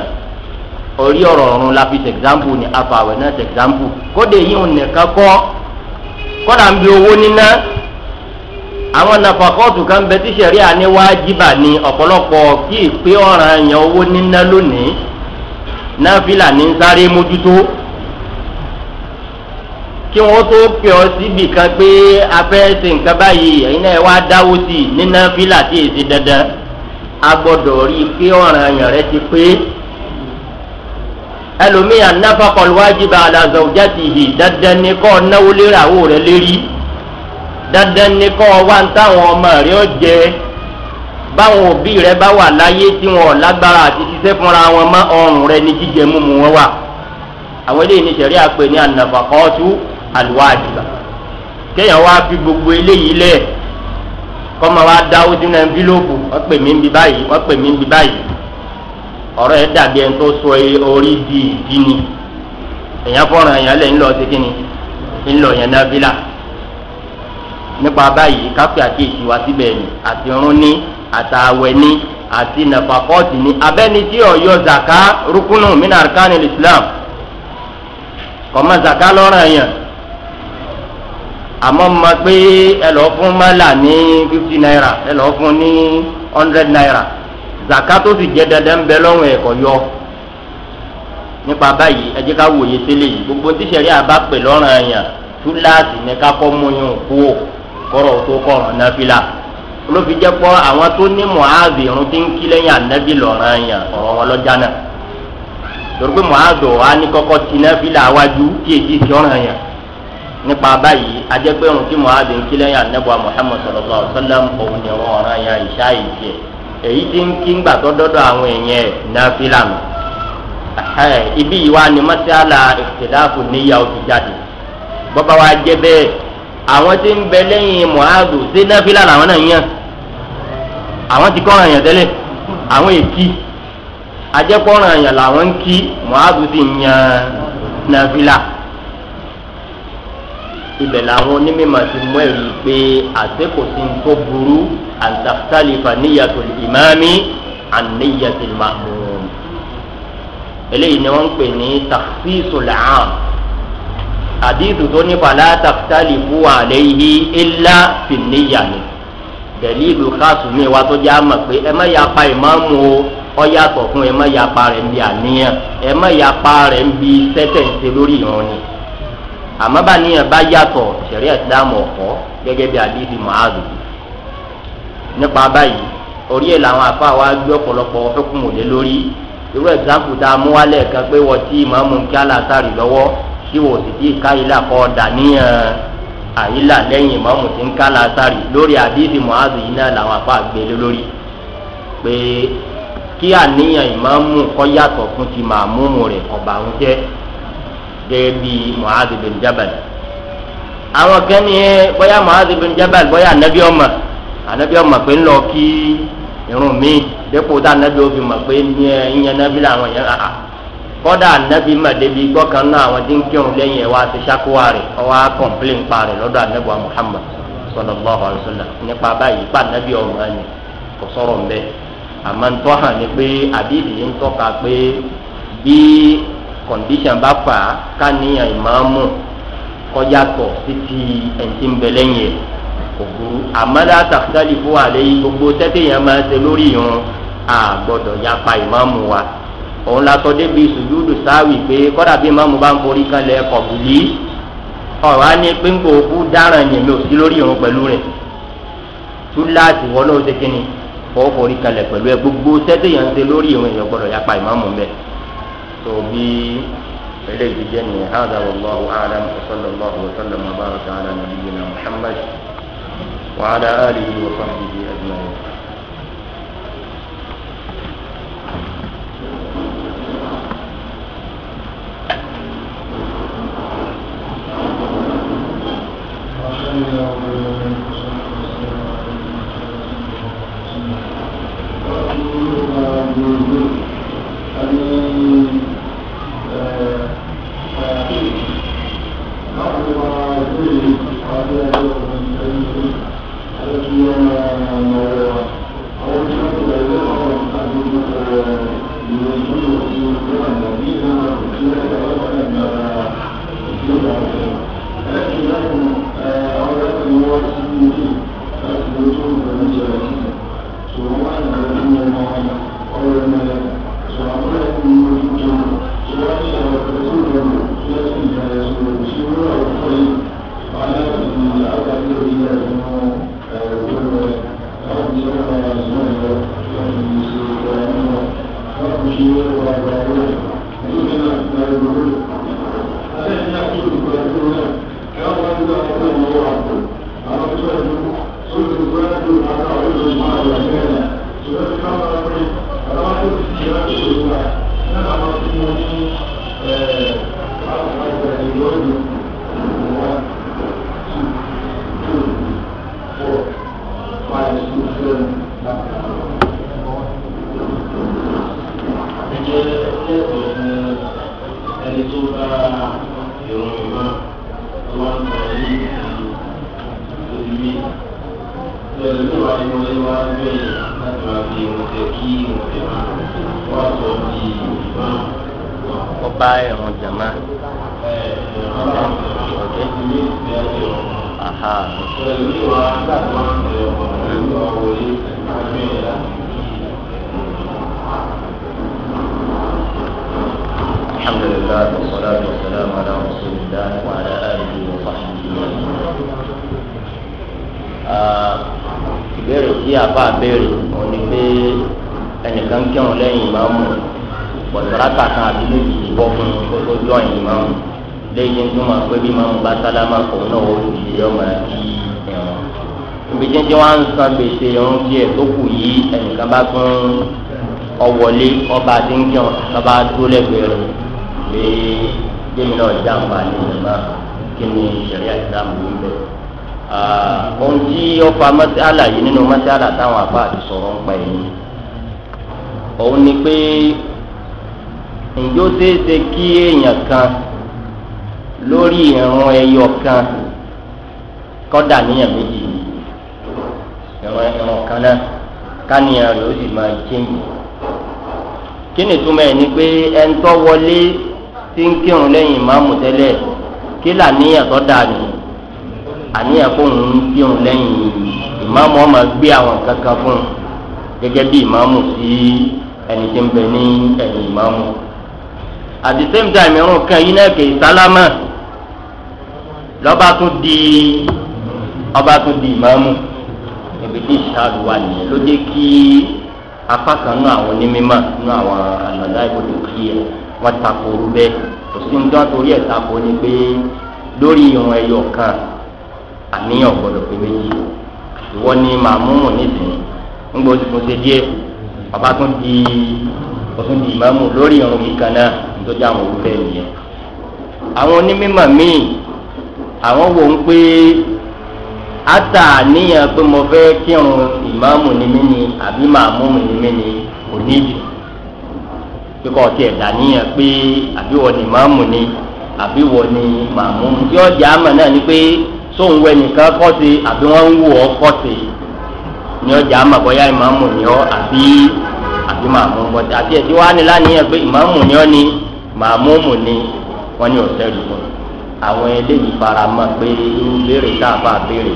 orí ọ̀rọ̀ ọ̀run la fi tẹ̀gbáǹpù ni afàwẹ̀ náà tẹ̀gbáǹpù kódé yìí ò nìkan kọ́ kọ́dà ń bi owó níná àwọn nàfàkọ́ọ̀tù kan bẹ tí sẹ̀rí àníwájibà ní ọ̀pọ̀lọpọ̀ kí ìpé ọ̀ràn yàn owó níná lónìí náà fìlà ní sáré mójútó kí wọn tó pè ọ síbi kan pé afẹ́ ṣe nǹkan báyìí ẹ̀yin náà wá dáwó sí i nínú fìlà tí èsì dandan agbọ́dọ̀ rí i pé ọ̀ràn yàn rẹ ti pé ẹlòmíì anáfàkọ̀ wájibà àdàzọ̀ òjáde yìí dandan ni kọ́ náwó lérà àwò rẹ lérí dandan ni kọ́ wá ń táwọn ọmọ rẹ ọ jẹ báwọn òbí rẹ bá wà láyé tí wọn ò lágbára àti ṣiṣẹ́ fúnra wọn mọ́ ọrùn rẹ ní jíjẹ múmu wọn wà àwọn eléyìí ní sẹ̀rí àpè ní anáfàkọ̀ ọ̀tún àlùwájibà kéèyàn wá fi gbogbo eléyìí lẹ́ẹ̀. kọ́mọ wa dáwó sínú ẹnfílópù wọ́n pè mí bí báyìí wọ́n pè mí bí báyìí ọ̀rọ̀ ẹ̀ dàbí ẹni tó sọ orí di ìdí ni èèyàn fọ́ràn èèyàn lẹ̀ ńlọ sí kínní ńlọ yẹn náà bí nípa báyìí káfíà kéèkì wá síbẹ̀ ni àti rún ní àtàwẹ̀ ní àti nàfàkọ́ọ̀tì ní abẹ́ni tí ọ̀yọ́ zaka rúkúnù mínà arkanu islam kọ́mọ zaka lọ́rọ̀ èèyàn. àmọ́ ma pé ẹ lọ fún mọ́là ní fifty naira ẹ lọ fún ní hundred naira zaka tó sì jẹ́ dandan bẹ lọ́wọ́ ẹ̀kọ́ yọ nípa báyìí ẹ jẹ́ ká wòye sílẹ̀ yìí gbogbo tíṣẹ̀rí àbá pè lọ́rùn àyàn túláàsì ní kakọ́ múyún kú ò kọ́rọ̀ tó kọ̀rọ̀ náfìlà olófin jẹ́ pọ́ àwọn tó ní mọ̀háàbì irun tí ń kí lẹ́yìn ànábì lọ́rùn àyàn ọ̀rọ̀ wọn lọ́jà náà torí pé mọ̀háàbì ọ̀ nípa báyìí ajẹ́gbẹ́rún tí muhammed ń kí lẹ́yìn anábọ̀ muhammed sọlọ́lá ọ̀sọ́lám òun ni wọn ọ̀ràn ya ìṣá ìṣe èyí tí ń kí ńgbà tó dọ́dọ̀ àwọn èèyàn ẹ̀ náà fi lànà. ibi yìí ni mọ́sálà ìfìdáàfù níyà ó ti jáde bọ́bá wa jẹ́ bẹ́ẹ̀ àwọn tí ń bẹ lẹ́yìn muhammed ṣé náà fi lànà àwọn náà yàn àwọn ti kọ́ ọ̀ràn yàn tẹ́lẹ̀ àwọn èkì ajẹ́kọ́ ọ̀ràn yàn làwọn ń kí muhammed sì yan náà fi lànà ibẹ̀ làwọn onímọ̀ ti mú ẹ̀rí pé àtẹ́kọ̀sí tó burú àtàkùtàlífà níyàtò ìmáàmí àníyàtò ìmáàmùn. eléyìí ni wọ́n ń pè ní tàfíìsù làám àdìsù tó ní fàlà tàkùtàlífù àlẹ́yìí ilá fìníyàní tẹ̀lé ìlú káàsùmí wa tó jẹ́ àmọ̀ pé ẹ má yapa ìmáàmù o ọ yàtọ̀ fún ẹ má yapa rẹ̀ ń bi àníyàn ẹ má yapa rẹ̀ ń bi sẹ́tẹ̀ ń ṣe lórí àmọ́ bá níyàn bá yàtọ̀ sẹ̀rí ẹ̀sìlámù ọ̀kọ́ gẹ́gẹ́ bí àdìsí mọ́àdù nípa báyìí orí ẹ̀ làwọn afa wa gbé ọ̀pọ̀lọpọ̀ ọ̀fẹ́kùn òde lórí irú ẹ̀sìlámù tá a mú wálẹ̀ kan pé wọ́n ti ìmọ̀ọ́mù kí alásàrì lọ́wọ́ tí wò sì ti ká ilà kọ́ dà níyàn àyílà lẹ́yìn ìmọ̀ọ́mù tí ń ká alásàrì lórí àdìsí mọ́àdù yìí náà làwọn afa gbé lórí pé kí àníyàn ìmọ̀ọ́mù kọ́ yàtọ̀ fún ti màmúmù rẹ̀ ọ̀bà ń jẹ́ gẹ́gẹ́ bíi bin jabal awon kan ní bóyá bin jabal bóyá anabi ma anabi ọmọ pé ńlọ kí irun mi dépò tá anabi ó fi mọ̀ pé ìyẹn anabi làwọn yẹn àhà kọ́dà anabi màdébi gbọ́kan náà àwọn tí lẹ́yìn ẹ̀ wá ti rẹ̀ ọwọ́ rẹ̀ lọ́dọ̀ anabi wa muhammad nípa báyìí pa anabi ẹni kò sọ̀rọ̀ àmọ́ hàn pé ń tọ́ka pé bí kọ̀ǹdíṣàn bá fà á káníyàn ìmáàmù kọjàtọ̀ títí ẹ̀ǹtí ń bẹ lẹ́yìn ẹ̀ kò burú àmọ́lá tàkítàlì fún wa lẹ́yìn gbogbo tẹ́tẹ̀yàn máa ṣe lórí ìrun àgbọ̀dọ̀ yapa ìmáàmù wa òun la sọ débi sùdúdù sáwì pé kọ́dà bí ìmáàmù bá ń forí kanlẹ̀ kọ̀bùlì ọ̀rọ̀ á ní pínpín òkú dáràn yẹn mi ò sí lórí ìrun pẹ̀lú rẹ̀ túláàsì wọ́n náà ó ṣe kíni fọ́ forí kanlẹ̀ pẹ̀lú ẹ gbogbo tẹ́tẹ̀yàn ṣe lórí ìrun èèyàn gbọ́dọ̀ yapa ìmáàmù bẹ́ẹ̀ tó bí eléyìí jẹ́ ní hada wallahu alam sallallahu wa sallam wa baraka ala nabiyyina muhammad wa ala alihi wa sahbihi ajma'in. Thank you. jama. الحمد لله والصلاة والسلام على رسول الله وعلى آله وصحبه أجمعين يا tí a bá béèrè òní pé ẹnìkan kírun lẹ́yìn ìmáàmù pọ̀tọ́ráta kan àbí méjì ti bọ́ fún un kó tó jọ ìyìn mọ́ lẹ́yìn tó máa pé bí máa mú bá sálámà òun náà ó ti yọ máa di ìrún. ibi jẹ́jẹ́ wá ń san gbèsè irun díẹ̀ tó kù yìí ẹnìkan bá tún ọwọ́lé ọba tí ń jẹun lọ́ba tó lẹ́gbẹ̀ẹ́ rẹ̀ pé jẹ́mi náà jàǹfà ní ìjọba kí ni ìṣẹ̀lẹ̀ ìsìlámù ń bẹ̀. ohun tí ó fa nínú mọ́sálà táwọn àbá àti sọ̀rọ̀ ń pa ẹ̀yìn òun ni pé ǹjọ́ ṣeéṣe kí èèyàn kan lórí ìrún ẹyọ kan kọ́dà níyàn méjì ìrún ẹ̀rọ kan náà káníyàn rẹ̀ ó sì máa jẹ́yìn kí ni túmọ̀ ẹ̀ ni pé ẹni tó wọlé tí ń kírun lẹ́yìn ìmáàmù tẹ́lẹ̀ kí làníyàn tó dà nù àníyàn kó ń kírun lẹ́yìn ìmáàmù ọmọ gbé àwọn kankan fún un gẹ́gẹ́ bí ìmáàmù sí ẹni tí ń bẹ ní ẹ̀yìn ìmáàmù at the same time irun kan yìí náà kì í sálámà lọ́ba tún di ọba tún di ìmáàmù ibi tí ìṣáàlù wà nìyẹn ló jẹ́ kí apá kan nú àwọn onímọ̀ nú àwọn àlọ́lá ìbòdò kí ẹ̀ wọ́n takò orú bẹ́ẹ̀ kò sí ní dán torí ẹ̀ takò ni pé lórí ìrun ẹyọ kan àníyàn gbọdọ̀ pé méjì ìwọ ni màmúmù nísìnyí ńgbọ́ tuntun ṣe díẹ̀ bàbá tún di ọ̀tún di ìmáàmù lórí ìrun kíkan náà nítorí àwọn òwú bẹ́ẹ̀ nìyẹn. àwọn onímọ̀ míì àwọn wò ń pé ata àníyàn pé mo fẹ́ kírun ìmáàmù ni mí ni àbí màmúmù ni mí ni kò níbi kíkọ́ tiẹ̀ dàníyàn pé àbí wọ́n ni màmú ni àbí wọ́n ni màmúmù tí ọjà àmọ̀ náà ni pé sóun wẹ nìkan kọ́ sí àbí wọ́n ń wò ọ́ kọ́ sí ni ọjà àmọ̀ bọ́yá ìmáàmù ni ọ́ àbí àbí màmúmù àti ẹ̀sìn wa ni láníyàn pé ìmáàmù ni ọ́ ni màmúmù ni wọ́n ní òtẹ́ẹ̀lì wọn àwọn eléyìí fara mọ́ pé irú béèrè tá a bá béèrè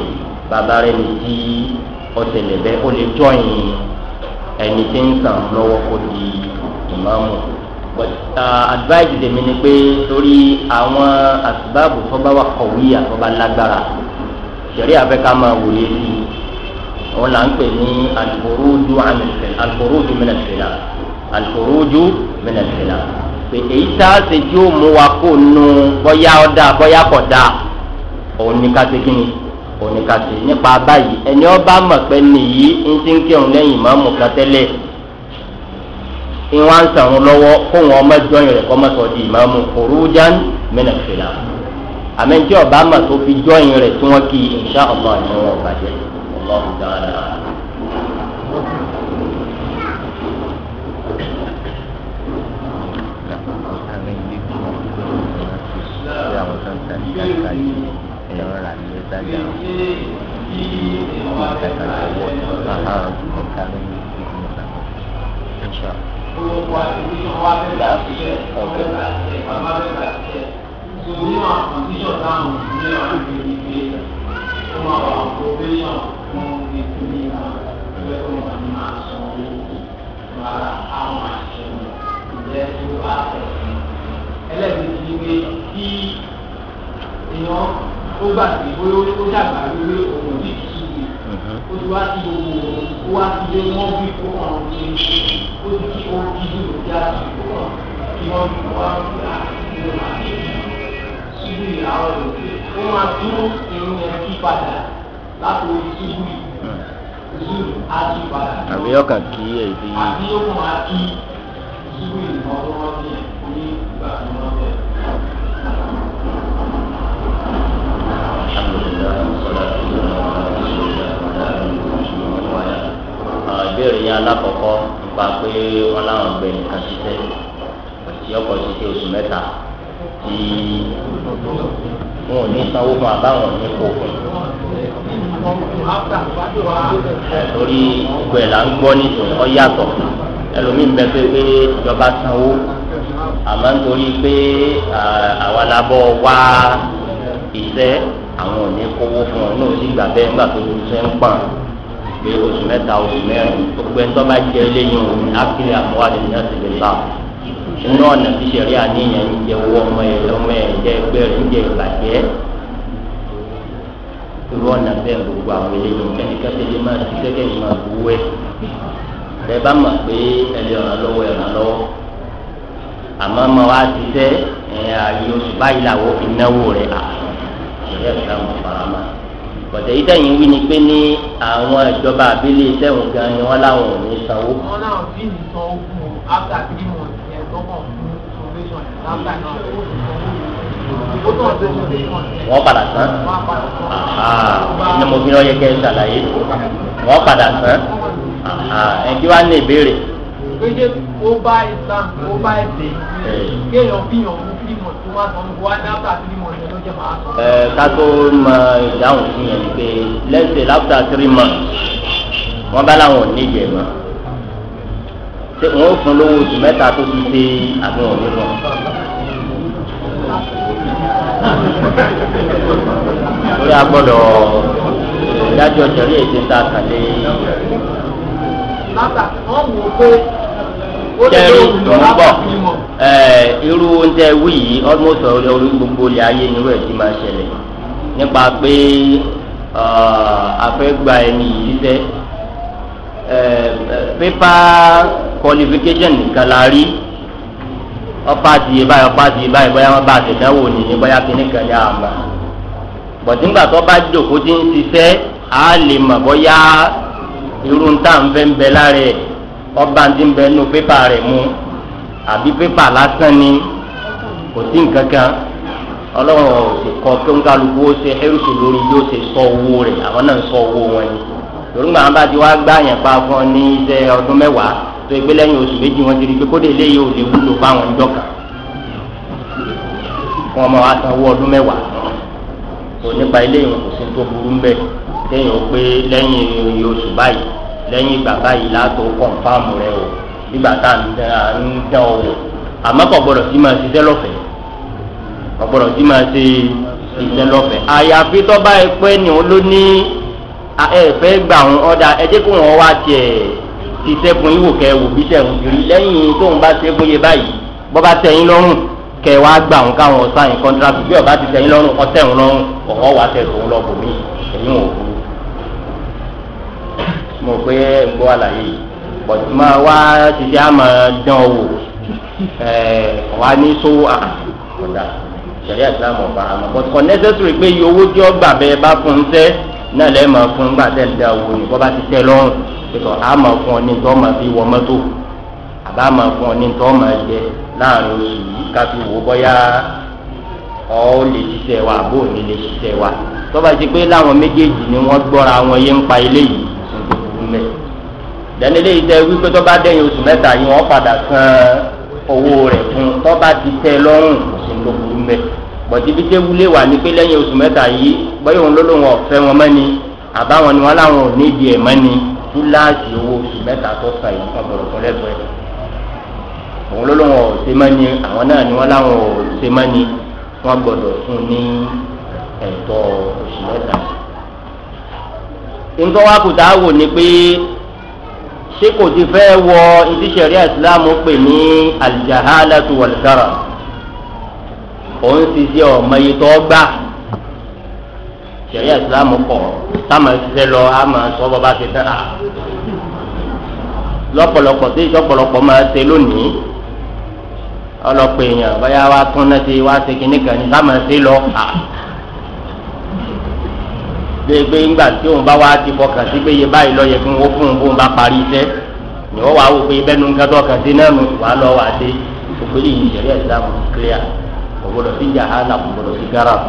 bàbá rẹ ní tí ọ̀tẹ̀lẹ̀ bẹ́ẹ̀ ó lè jọyìn ẹni tí ń sàn lọ́wọ́ kó di ìmáàmù uh, advice tèmi ni pé torí àwọn àtibáàbò tó bá wà kọ̀wé àtọ́ba lágbára ṣẹ̀rí àfẹ́ká máa wòye sí i wọn là ń pè ní alukoroju alukoroju mẹnẹsẹ̀lá alukoroju mẹnẹsẹ̀lá. pé èyí tá a ṣe yóò mú wa kó nu bọ́yá ọ̀dà bọ́yá kọ̀dà òun ni ká ṣe kí ni òun ni ká ṣe nípa báyìí ẹni ọba mọ̀ pé nìyí ń ti ń kírun lẹ́yìn kan tẹ́lẹ̀ lọ́wọ́ di mẹ́nà fìlà àmì tí ọba mọ̀ tó fi jọyìn rẹ̀ tí wọ́n kì í kàkà yìí ẹ̀rọ rà ní ẹ̀sà dáhùn yìí ní kàkà lọ́wọ́ ọ̀hà ọ̀kà lóyún ìdí nípa. Thank you ẹlẹ́sìn ti wé kí èèyàn ó gbà pé ó ló ó dàgbà lórí òun òbí tuntun mi ó ti wá sí gbogbo ó wá sí ilé wọn bí ó hàn ó ti ó ti kí ó kí ní òbí àti ó hàn kí wọn bí wọn bí àti ó hàn kí ṣubú ìyàwó rẹ ó máa dúró irun yẹn kí padà láti orí ṣubú ìṣubú àbí yóò kà kí èyí. àbí yóò máa kí ṣubú ìmọ̀ ọ̀rọ̀ wọn ní ìgbà tó wọn bẹ̀rẹ̀. ìbéèrè yẹn alákọ̀ọ́kọ́ nípa pé wọ́n láwọn gbẹ nìkan ṣiṣẹ́ tí ọkọ̀ ṣiṣẹ́ oṣù mẹ́ta tí wọn ò ní sanwó fún àbáwọn ní kó fún torí ìgbẹ́ là ń gbọ́ nítorí ọ yàtọ̀ ẹlòmíín bẹ pé pé ìjọba sanwó àmọ́ nítorí pé àwa la bọ̀ wá iṣẹ́ àwọn ò ní kówó fún ọ náà sì gbà bẹ́ẹ̀ nígbà tó dúró sẹ́ ń pàn pé oṣù mẹ́ta oṣù mẹ́rin gbogbo ẹni tó bá jẹ eléyìí òun ákìlì àmúwá lè ní ọ̀sẹ̀ lè bá inú ọ̀nà tí sẹ̀rí àníyàn ń jẹ owó ọmọ ẹ̀ lọ́mọ ẹ̀ jẹ́ ẹgbẹ́ rẹ̀ ń jẹ ìbàjẹ́ irú ọ̀nà bẹ́ẹ̀ gbogbo àwọn eléyìí kẹ́nìkan lè máa ṣiṣẹ́ kẹ́yìn máa bu wẹ́ bẹ́ẹ̀ bá mọ̀ pé ẹ̀lẹ́ ọ̀ràn lọ́wọ́ ẹ̀ràn lọ́wọ́ àmọ́ ọmọ wa ṣiṣẹ́ ààyè oṣù báyìí ìṣẹ̀lẹ̀ ìsìlámù farama bọ̀dẹ̀ yìí tẹ̀yìn wí ni pé ní àwọn ìjọba àbílẹ̀ sẹ́wọ̀n gan ni wọ́n láwọn ò ní sanwó. wọ́n náà bí ní san ogun after three months yẹn tọkàn fún probation láfíà náà ó tàn sí three months. wọ́n padà sán ní mo fi lọ́ọ́ yẹ kẹ́ ẹ ṣàlàyé wọ́n padà sán ẹ kí wàá ní ìbéèrè. pé ṣé ó bá ìsàn ó bá ẹ̀sìn kéèyàn fihàn mú ẹ kátó mọ ìdáhùn sí yẹn ni pé lẹ́sẹ̀ láfta three months wọ́n bá láwọn ò ní ìjẹ̀ mọ́ ṣé wọ́n fún lówó oṣù mẹ́ta tó fi ṣe àbí wọn ní lórí agbọ́dọ̀ ìdájọ́ ìjọrí èdè ta kàlẹ́. láfta wọ́n wò ó pé ó lè lóògùn lọ́wọ́ Eh, irú oúnjẹ ewu yìí almost orí gbogbo ilé ayé irú ẹ̀ ti máa ṣẹlẹ̀ nípa pé afẹ́gba ah, ẹni yìí sẹ́ eh, pépà qualification nìkan la rí ọ̀pá ti yé báyìí ọ̀pá ti yé báyìí bóyá wọ́n bá àtẹ̀dáwò nìyí bóyá kíní kan ní àmà tó bá jòkó tí ń ṣiṣẹ́ lè mọ̀ bóyá irú ń tà ń fẹ́ ń bẹ ọba ti ń bẹ pépà rẹ̀ mú. àbí pépà lásán ni kò sí nǹkan kan ọlọ́run ò sì kọ pé ń kálukú ó ṣe ẹrùsù lórí yóò ṣe sọ owó rẹ̀ àwọn náà sọ owó wọn ni torí màá bá ti wá gbá yẹn pa fún ọ ní iṣẹ́ ọdún mẹ́wàá tó ẹgbẹ́ lẹ́yìn oṣù méjì wọn ti rí pé kódé eléyìí ò lè wúlò fáwọn ìjọ kan fún ọmọ wa san owó ọdún mẹ́wàá tó nípa eléyìí wọn kò sí tó burú ń bẹ̀ lẹ́yìn ó pé lẹ́yìn oṣù báyìí lẹ́yìn ìgbà báyìí látò kọ̀ǹfàmù rẹ o nígbà tá à ń dán ọ wò àmọ́ kò gbọ́dọ̀ sí máa ṣiṣẹ́ lọ́fẹ̀ẹ́ kò gbọ́dọ̀ sí máa ṣe ṣiṣẹ́ lọ́fẹ̀ẹ́ àyàfi tó bá ẹ pé ni ó ló ní ẹ fẹ́ gbà wọn ọ̀dà ẹ jẹ́ kó wọn wá tiẹ̀ ṣiṣẹ́ fún ìwò kẹ wò bí sẹ́wọ̀n kiri lẹ́yìn tóun bá ṣe fún yẹ báyìí bọ́ bá tẹ̀yìn lọ́rùn kẹ wá gbà wọn káwọn ọ̀sán yìí bí ọba ti tẹ̀yìn lọ́rùn ọ̀tẹ̀hún lọ́rùn ọ̀họ́ wà tẹ̀sùn lọ́bùnmí ẹ̀yìn òkú mo pé ń gbọ́ àlàyé yìí bọ̀dé máa wá títí a máa dán o ẹ̀ẹ́ wà ní sówó à ọ̀dà ìṣẹ̀lẹ̀ ìsìlámù ọ̀bà àmọ́ bọ̀dé kọ́ nẹ́sẹ̀sìrì pé iye owó tí ọgbà bẹ́ẹ̀ bá fún un sẹ́ náà lẹ́ẹ̀ máa fún un gbà tẹ̀ da owó ni bọ́ bá ti tẹ́ lọ́rùn pẹ̀tọ̀ a máa fún ọ ní tọ́ máa fi wọ mọ́tò àbá máa fún ọ ní tọ́ máa jẹ láàrin oṣù yìí ká fi wò bọ́yá ọ lè ṣiṣẹ́ wa àbó mi lè ṣiṣẹ́ wa tọ́ba ti pé láwọn méjèèjì ni wọ́n gbọ́ra wọn yé ń pa ilé yìí lẹ́nu eléyìí tẹ wípé tó bá dẹ́yìn oṣù mẹ́ta yìí wọ́n padà san owó rẹ̀ fún tó bá ti tẹ lọ́rùn oṣù tó burú mẹ́ bọ̀dé bí tẹ́ wúlé wà ní pé lẹ́yìn oṣù mẹ́ta yìí bọ́yọ̀ òun ló lóun ọ̀fẹ́ wọn mọ́ni àbáwọn ni wọ́n láwọn ò ní ibi ẹ̀ mọ́ni túláàsì owó oṣù mẹ́ta tó san yìí wọ́n bọ̀rọ̀ fún lẹ́gbẹ̀ẹ́ òun ló lóun ọ̀sẹ̀ mọ́ni àwọn náà ni wọ́n láwọn ọ̀sẹ̀ mọ́ni wọ́n gbọ́dọ̀ fún ní ẹ̀tọ́ oṣù mẹ́ta. nǹkan wò ni pé ṣé kò ti fẹ́ wọ ibi sẹ̀ríà ìsìláàmù pè ní aljahalatu walgara òun ti ṣe ọ̀mọ iye tó gbà sẹ̀ríà ìsìláàmù kọ̀ táwọn ṣiṣẹ́ lọ á máa sọ bọ́ bá ṣe tán lọ́pọ̀lọpọ̀ sí ìṣọ́pọ̀lọpọ̀ máa ṣe lónìí ọlọ́pọ̀ èèyàn báyà wá tún náà ti wá ṣe kinní ní táwọn ṣe lọ à. bẹ́ẹ̀ pé ńgbà tí òun bá wá ti fọkàn sí pé iye báyìí lọ́yẹ fún fún un bá parí iṣẹ́ ni wọ́n wá wò pé bẹ́ẹ̀ nǹkan tó kàn sí náà nù wà lọ́ wà dé òfin yìí ìṣẹ̀lẹ̀ ìsìlámù clear kò gbọdọ̀ sí kò gbọdọ̀ sí garam.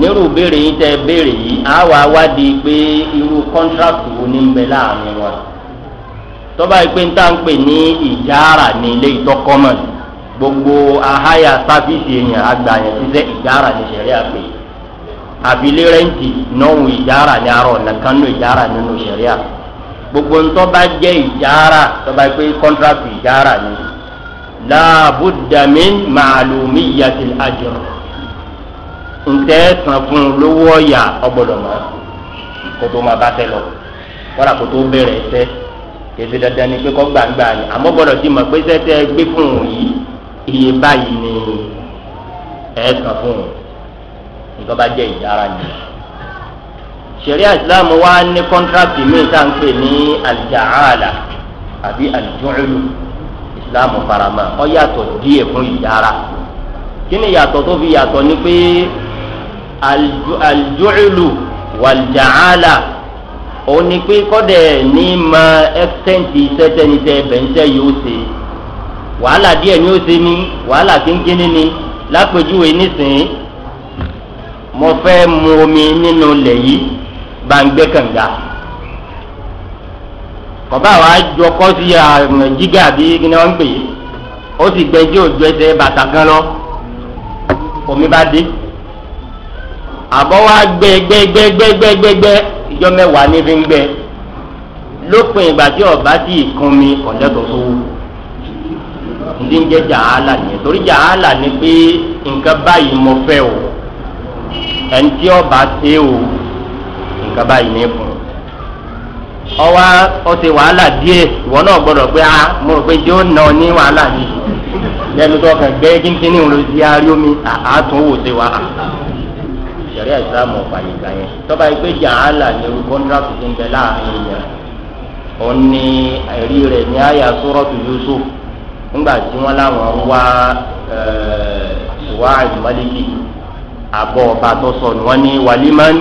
nírú béèrè tẹ béèrè yìí á pé irú contract wo ń bẹ láàrin wọn. tọ́ba ń tà gbogbo àgbà yẹn ti sẹ́ ìjára ní ìṣẹ̀lẹ̀ àbílẹ̀ rẹ́ǹtì náà ìjára ní arọ̀ nìkan nù ìjára nínú sẹ̀ríà gbogbo ńtọ́ bá jẹ́ ìjára tó bá pé kọ́ńtrákì ìjára ni laabudamin maalumi yati ajọ ntẹ san fún lówó ọ̀yà ọgbọdọ mọ kótó ma bá tẹ lọ kọ́ra kótó bẹ̀rẹ̀ ẹsẹ̀ kèsì dandan ni pé kọ́ gbàgbà ni àmọ́ gbọ́dọ̀ ti mọ̀ pé sẹ́tẹ̀ gbé fún yìí iye báyìí ni ẹ̀ san fún un nítorí bá jẹ́ ìdára ni. sẹ̀ríà ìsìláàmù wa ní kọ́ńtrákì míì tá à ń pè ní alìjàhálà àbí alìjọ́ọ̀lù ìsìláàmù farama ọ yàtọ̀ díẹ̀ fún ìdára. kí ni yàtọ̀ tó fi yàtọ̀ ni pé alìjọ́ọ̀lù wàlìjàhálà òun ni pé kọ́dẹ̀ ní ma ẹ́kítẹ́ǹtì sẹ́tẹ́nitẹ́ bẹ̀ńsẹ́ yóò ṣe wàhálà díẹ̀ ni ó ṣe ní wàhálà kínkínní ni lápèjúwe nísìnyí mo fẹ́ mu omi nínú ilẹ̀ yìí bá ń gbẹ́ kànga kọ̀bá wa jọ kọ́ sí jígà bí kíni wọ́n ń pè yìí ó sì gbẹ tí òjò ẹsẹ̀ bàtà kan lọ omi bá dé àbọ̀ wa gbẹ gbẹ gbẹ gbẹ gbẹ gbẹ gbẹ ìjọ mẹ́wàá ní fi ń gbẹ lópin ìgbà tí ọba ti kún mi tó wù ní ń jẹ́ jàhálà nìyẹn torí jàhálà ni pé nǹkan báyìí mo fẹ́ o ẹnití ọba ṣe o nǹkan báyìí ní fún ọwọ́ ọtí wàhálà díẹ̀ ìwọ náà gbọ́dọ̀ pé a ah, mo rò pé jẹ́ ó nà ọ ní wàhálà ni lẹ́nu tó kàn gbé kínkínní òun ló di arí omi àtúnwò ah, ṣe wa sẹ̀rí ẹ̀sìlámù ọ̀fààyè gbà yẹn tọ́ba yìí pé jàhálà ni orí kọ́ńtàkì ti ń bẹ láàrin èèyàn òun ni ẹ̀rí rẹ̀ ní àyà sọ́rọ́tù yusuf nígbà tí wọ́n láwọn wá ṣùwà àbọ̀ ọba tó sọnù wọn ní wàlímán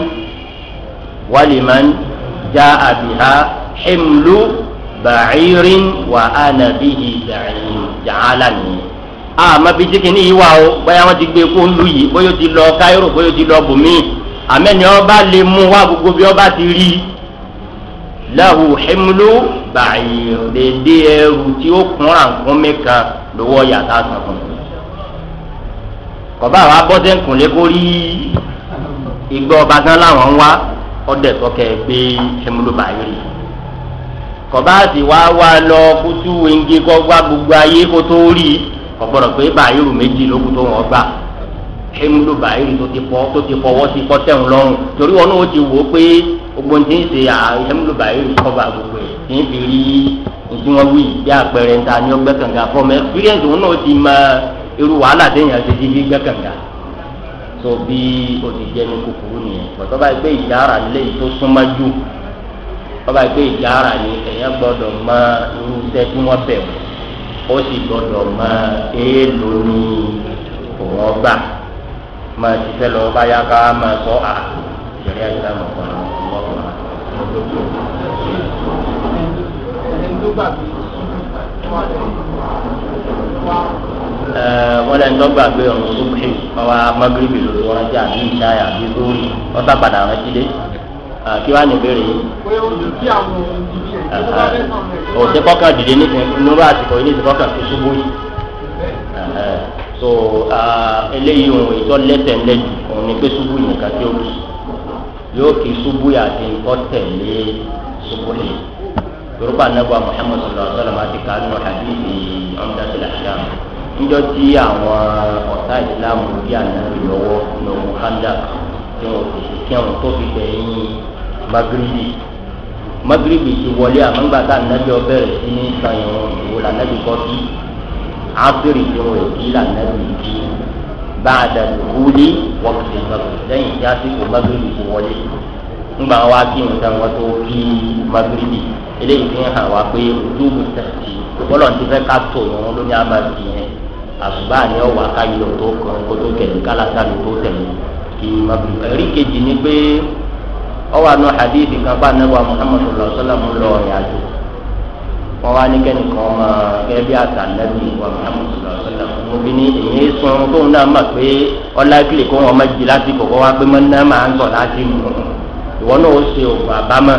wàlímán já àbíhá ṣèmlú bàírín wà á nàbí ìdàrín jàálà nìyẹn. àmọ́ bíi tíkìní yìí wà ó bóyá wọ́n ti gbé kó ń lu yìí bóyá ó ti lọ káírò bóyá ó ti lọ bòmíì àmẹ́ni ọba lè mú wá gbogbo bí ọba ti rí i lahu himlu bàyìí dédé ẹrù tí ó kún àǹkúnmí kan lówó yàtá sàn kọba àwọn abọ́dé nkùnlé kó rí igbó ọba tán láwọn ń wá ọdẹ sọkẹ gbé ṣẹmúlòbà yìí rí kọba àti wá wá lọ kútú wenge kọ wá gbogbo ayé kó tó rí ọgbọdọ pé bàyìrù méjì ló kú tó wọn gbà ṣẹmúlòbà yìí tó ti fọ tó ti fọwọ́ sí kọ́tẹ́hùn lọ́rùn torí wọn náà ti wò ó pé ogbon tí ń ṣe ṣẹmúlòbà yìí kọba gbogbo ẹ̀ tí ń fi rí ìdí wí bí àpẹẹrẹ ń ta ní ọgbẹ́ kànga fọmọ experience wọn irú wàhálà téèyàn ti di bí gbẹ́kànga tó bí òdìjẹ́ ní kúkúrú nìyẹn pọ̀tọ́ bá gbé ìjára lé tó súnmọ́ jù ọba gbé ìjára ni èèyàn gbọ́dọ̀ mọ irú iṣẹ́ tí wọ́n bẹ̀ wọ́n ó sì gbọ́dọ̀ mọ èèlò ní òun ọgbà máa ti lọ bá yá ká máa sọ à ìṣẹ̀lẹ̀ àyíká mọ̀ fún àwọn ọmọ ọmọ. Eh, wọn lẹ́nu tó gbàgbé ọ̀run tó pè ọwọ́ magrebi ló tó rántí àbí ìṣáyà àbí lórí ọ̀sà padà rántí dé eh, kí wàá ní ìbéèrè yìí. Eh, òsè kọ́kàn dìde nínú àsìkò yìí ní ìsìnkọ́ kan tó ṣubú yìí. so eléyìí ohun ìtọ́ lẹ́sẹ̀ lẹ́jù òun ni pé ṣubú yìí nìkan tí ó kì yóò kì ṣubú yìí àti nǹkan tẹ̀lé ṣubú yìí. yorùbá anábọ̀ muhammadu sallallahu alayhi wa sallam àti kàánú àdìsí ọ̀ndàtìlá ṣáà níjọ́ tí àwọn ọ̀tá ìsìlámù bí ànábì lọ́wọ́ lọ́wọ́ kanda tí wọn kò sì kí wọn tó fi gbẹ̀yìn magrebi magrebi ti wọlé àmọ́ nígbà tá ànábì ọbẹ̀rẹ̀ sí ní sanyọ̀ ìwò lànábì kọ́ sí ápèrè tí wọn kì í lànábì kí báàdà lùkúlé wọ́pùtì magrebi lẹ́yìn tí àsìkò magrebi ti wọlé nígbà wa kí wọn sàn wọn tó kí magrebi eléyìí fi hàn wá pé ojú mi tẹ̀sí bọ́lọ̀ ti fẹ́ ká tó ìwọ̀n lóní àmàlì yẹn àsùbá ni ọwà káyọ tó kàn kó tó tẹ̀lé kálákálù tó tẹ̀lé kí magrib ẹ̀rí kejì ni pé ọwà nù hadith kan bá anáwó muhammadu sallallahu alaihi wa sallam lọ ọ̀rìn àjò wọn wá ní kẹ́nìkan ọmọ gẹ́gẹ́ àtà nàbí wa muhammadu sallallahu alaihi wa sallam mo bí ní èyí sun tóun náà mà pé ọlá ìpìlẹ̀ kó wọn má jí láti kọ̀kọ́ wá pé mọ́ náà máa ń sọ̀ láti mú ìwọ náà ó ṣe òògùn àbámọ́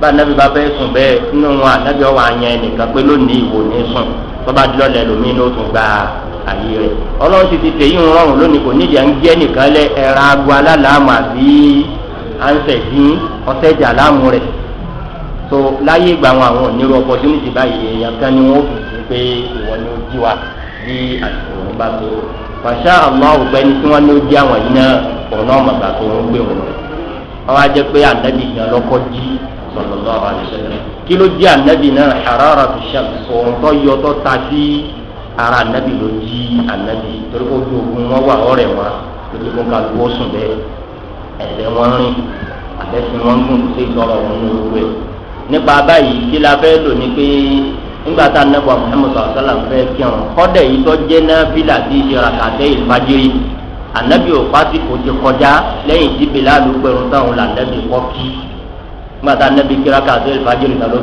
bá anabi bá fẹ́ sùn bẹ́ẹ̀ nínú wọn anabi ọwọ́ àyàn ẹnìkan pé lónìí ìwò ní sùn tọ́ba dúró lẹ́lòmíín ló tún àyè rẹ̀ ọlọ́run ti ti tẹ̀yìn rọrùn lónìí kò nídìí à ń jẹ́ nìkan lẹ ẹ̀ra agbo alálàámà bí ansẹ̀ dín ọ̀sẹ̀ jà láàmú rẹ̀ tó láyé ìgbà àwọn àwọn onírú opportunity báyìí èèyàn kan ni wọ́n fi sí pé ìwọ ni ó jí wa bí àsìkò òun bá tó pàṣẹ àwọn ọ̀gbẹ́ni tí wọ́n ní ó jí àwọn yìí náà òun náà màgbà tó ń gbé wọn lọ àwọn ajẹ́ pé ànábì gan lọ́kọ́ jí sọ̀rọ̀ lọ́wọ́ àdìsẹ́lẹ̀ kí ló jí ànábì náà ṣàràrà tó ṣàkóso ohun tó yọ tó ta sí ara anabi ló jí anabi torí kó ojú ogun wọn wà ọrẹ wọn lójú kó kálukú ó sùn bẹ́ẹ̀ ẹsẹ̀ wọn rìn àbẹ̀sìn wọn gùn sí sọ̀rọ̀ wọn ní orúkọ ẹ̀ nípa báyìí kí la fẹ́ lò ní pé nígbà tá a nẹ́bọ̀ Muhammad sọ̀rọ̀sọ̀là fẹ́ kírun kọ́dẹ̀ yìí tó jẹ́ náà fílà tí ì ṣera kàtẹ́ ìfàjírí ànábì ò pásítọ̀ ti kọjá lẹ́yìn tí Bilalu pẹ̀rù táwọn là nẹ́bì kọ́ kí nígbà tá a nẹ́bì kíra kàtẹ́ ìfàjírí náà ló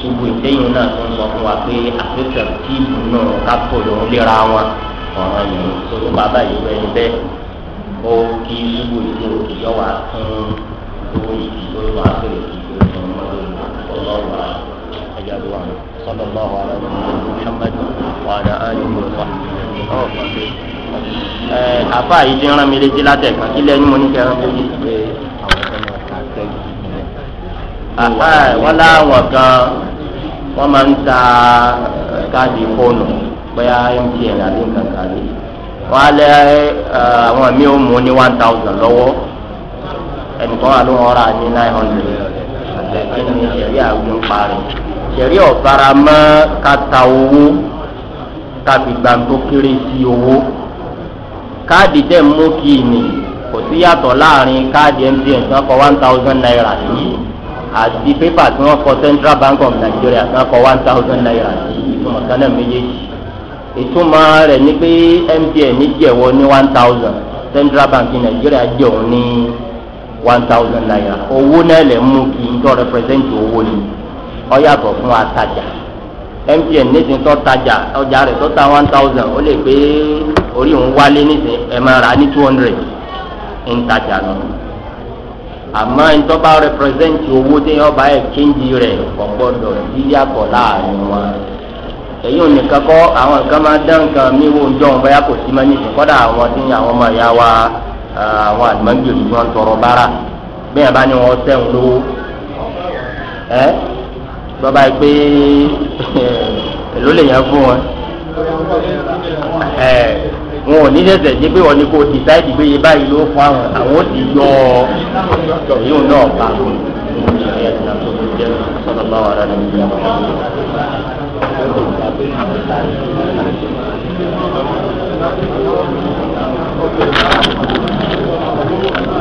gbogbo ìléyìn náà tó ń sọ fún wa pé afẹ́fẹ́ tíìmù náà kápò lòún léra wọn ọ̀ràn yìí sọ́dún bàbá yìí wẹ̀ ń bẹ́ ó kí gbogbo ìlú ìyọ́ wa fún gbogbo ìdílé wa fèrè ìdílé fún ọlọ́wà ẹ̀yàdó wa sọ́dọ̀ bá wa lọ́wọ́ muhammed wa ala alihi wa sahbihi ọ̀ pàṣẹ. ẹ àfa yìí ti ń rán mi létí látẹ̀kàn kí lẹ́yìn mo ní kẹ́ ẹ wọ́n láwọn kan wọ́n máa ń ta káàdì fóònù bóyá mtn àbí nǹkan kan ní wọ́n á lẹ́ àwọn mi ò mú ní one thousand lọ́wọ́ ẹnìkan wà ló ń ra ní nine hundred àti ní sẹ̀rí àwọn ń parí sẹ̀rí ọ̀bára mọ́ ká ta owó ká fi gbà tó kéré sí owó káàdì tẹ̀ mú kí ni kò sí yàtọ̀ láàrin káàdì mtn tí wọ́n kọ one thousand naira sí àti pépà tí wọ́n kọ central bank of nigeria tí wọ́n kọ one thousand naira ìtumọ̀ kan náà méjèèjì ìtumọ̀ rẹ̀ ni pé mtn jẹ̀wọ́ ní one thousand central bank nigeria jẹ̀wọ́ ní one thousand naira owó náà lè mú kí n tọ́ represent owó ni ọ yàtọ̀ fún atajà mtn ní ti tọ́ tajà ọjà rẹ̀ tọ́ ta one thousand ó lè pé orí òun wálé nísìnyí ẹ̀ máa rà ní two hundred ń tajà lọ́nà. àmọ́ ìtọ́ba rẹpẹrẹsẹ̀ntì owó téèyàn bá ẹ̀kíńjì rẹ̀ ọ̀gbọ́dọ̀ yíyàtọ̀ láàrin wọn. èyí ò nìkan kọ́ àwọn nǹkan máa dán nǹkan mí wo ń jọun báyà kò sí mẹ́ni ìsìn kọ́dà àwọn tí àwọn ọmọ ìyá wa àwọn àdìmọ́jì òdìbò ń tọrọ bára bí ni wọ́n sẹ́wọ̀n lówó. ẹ bọ́ba yìí pé <laughs> lè yẹn fún wọn. wọn ò ní sẹsẹ ṣe pé wọn ni kò dìsáìdì pé yé báyìí ló fún àwọn àwọn ò ti yọ ọ yóò náà bá Thank you.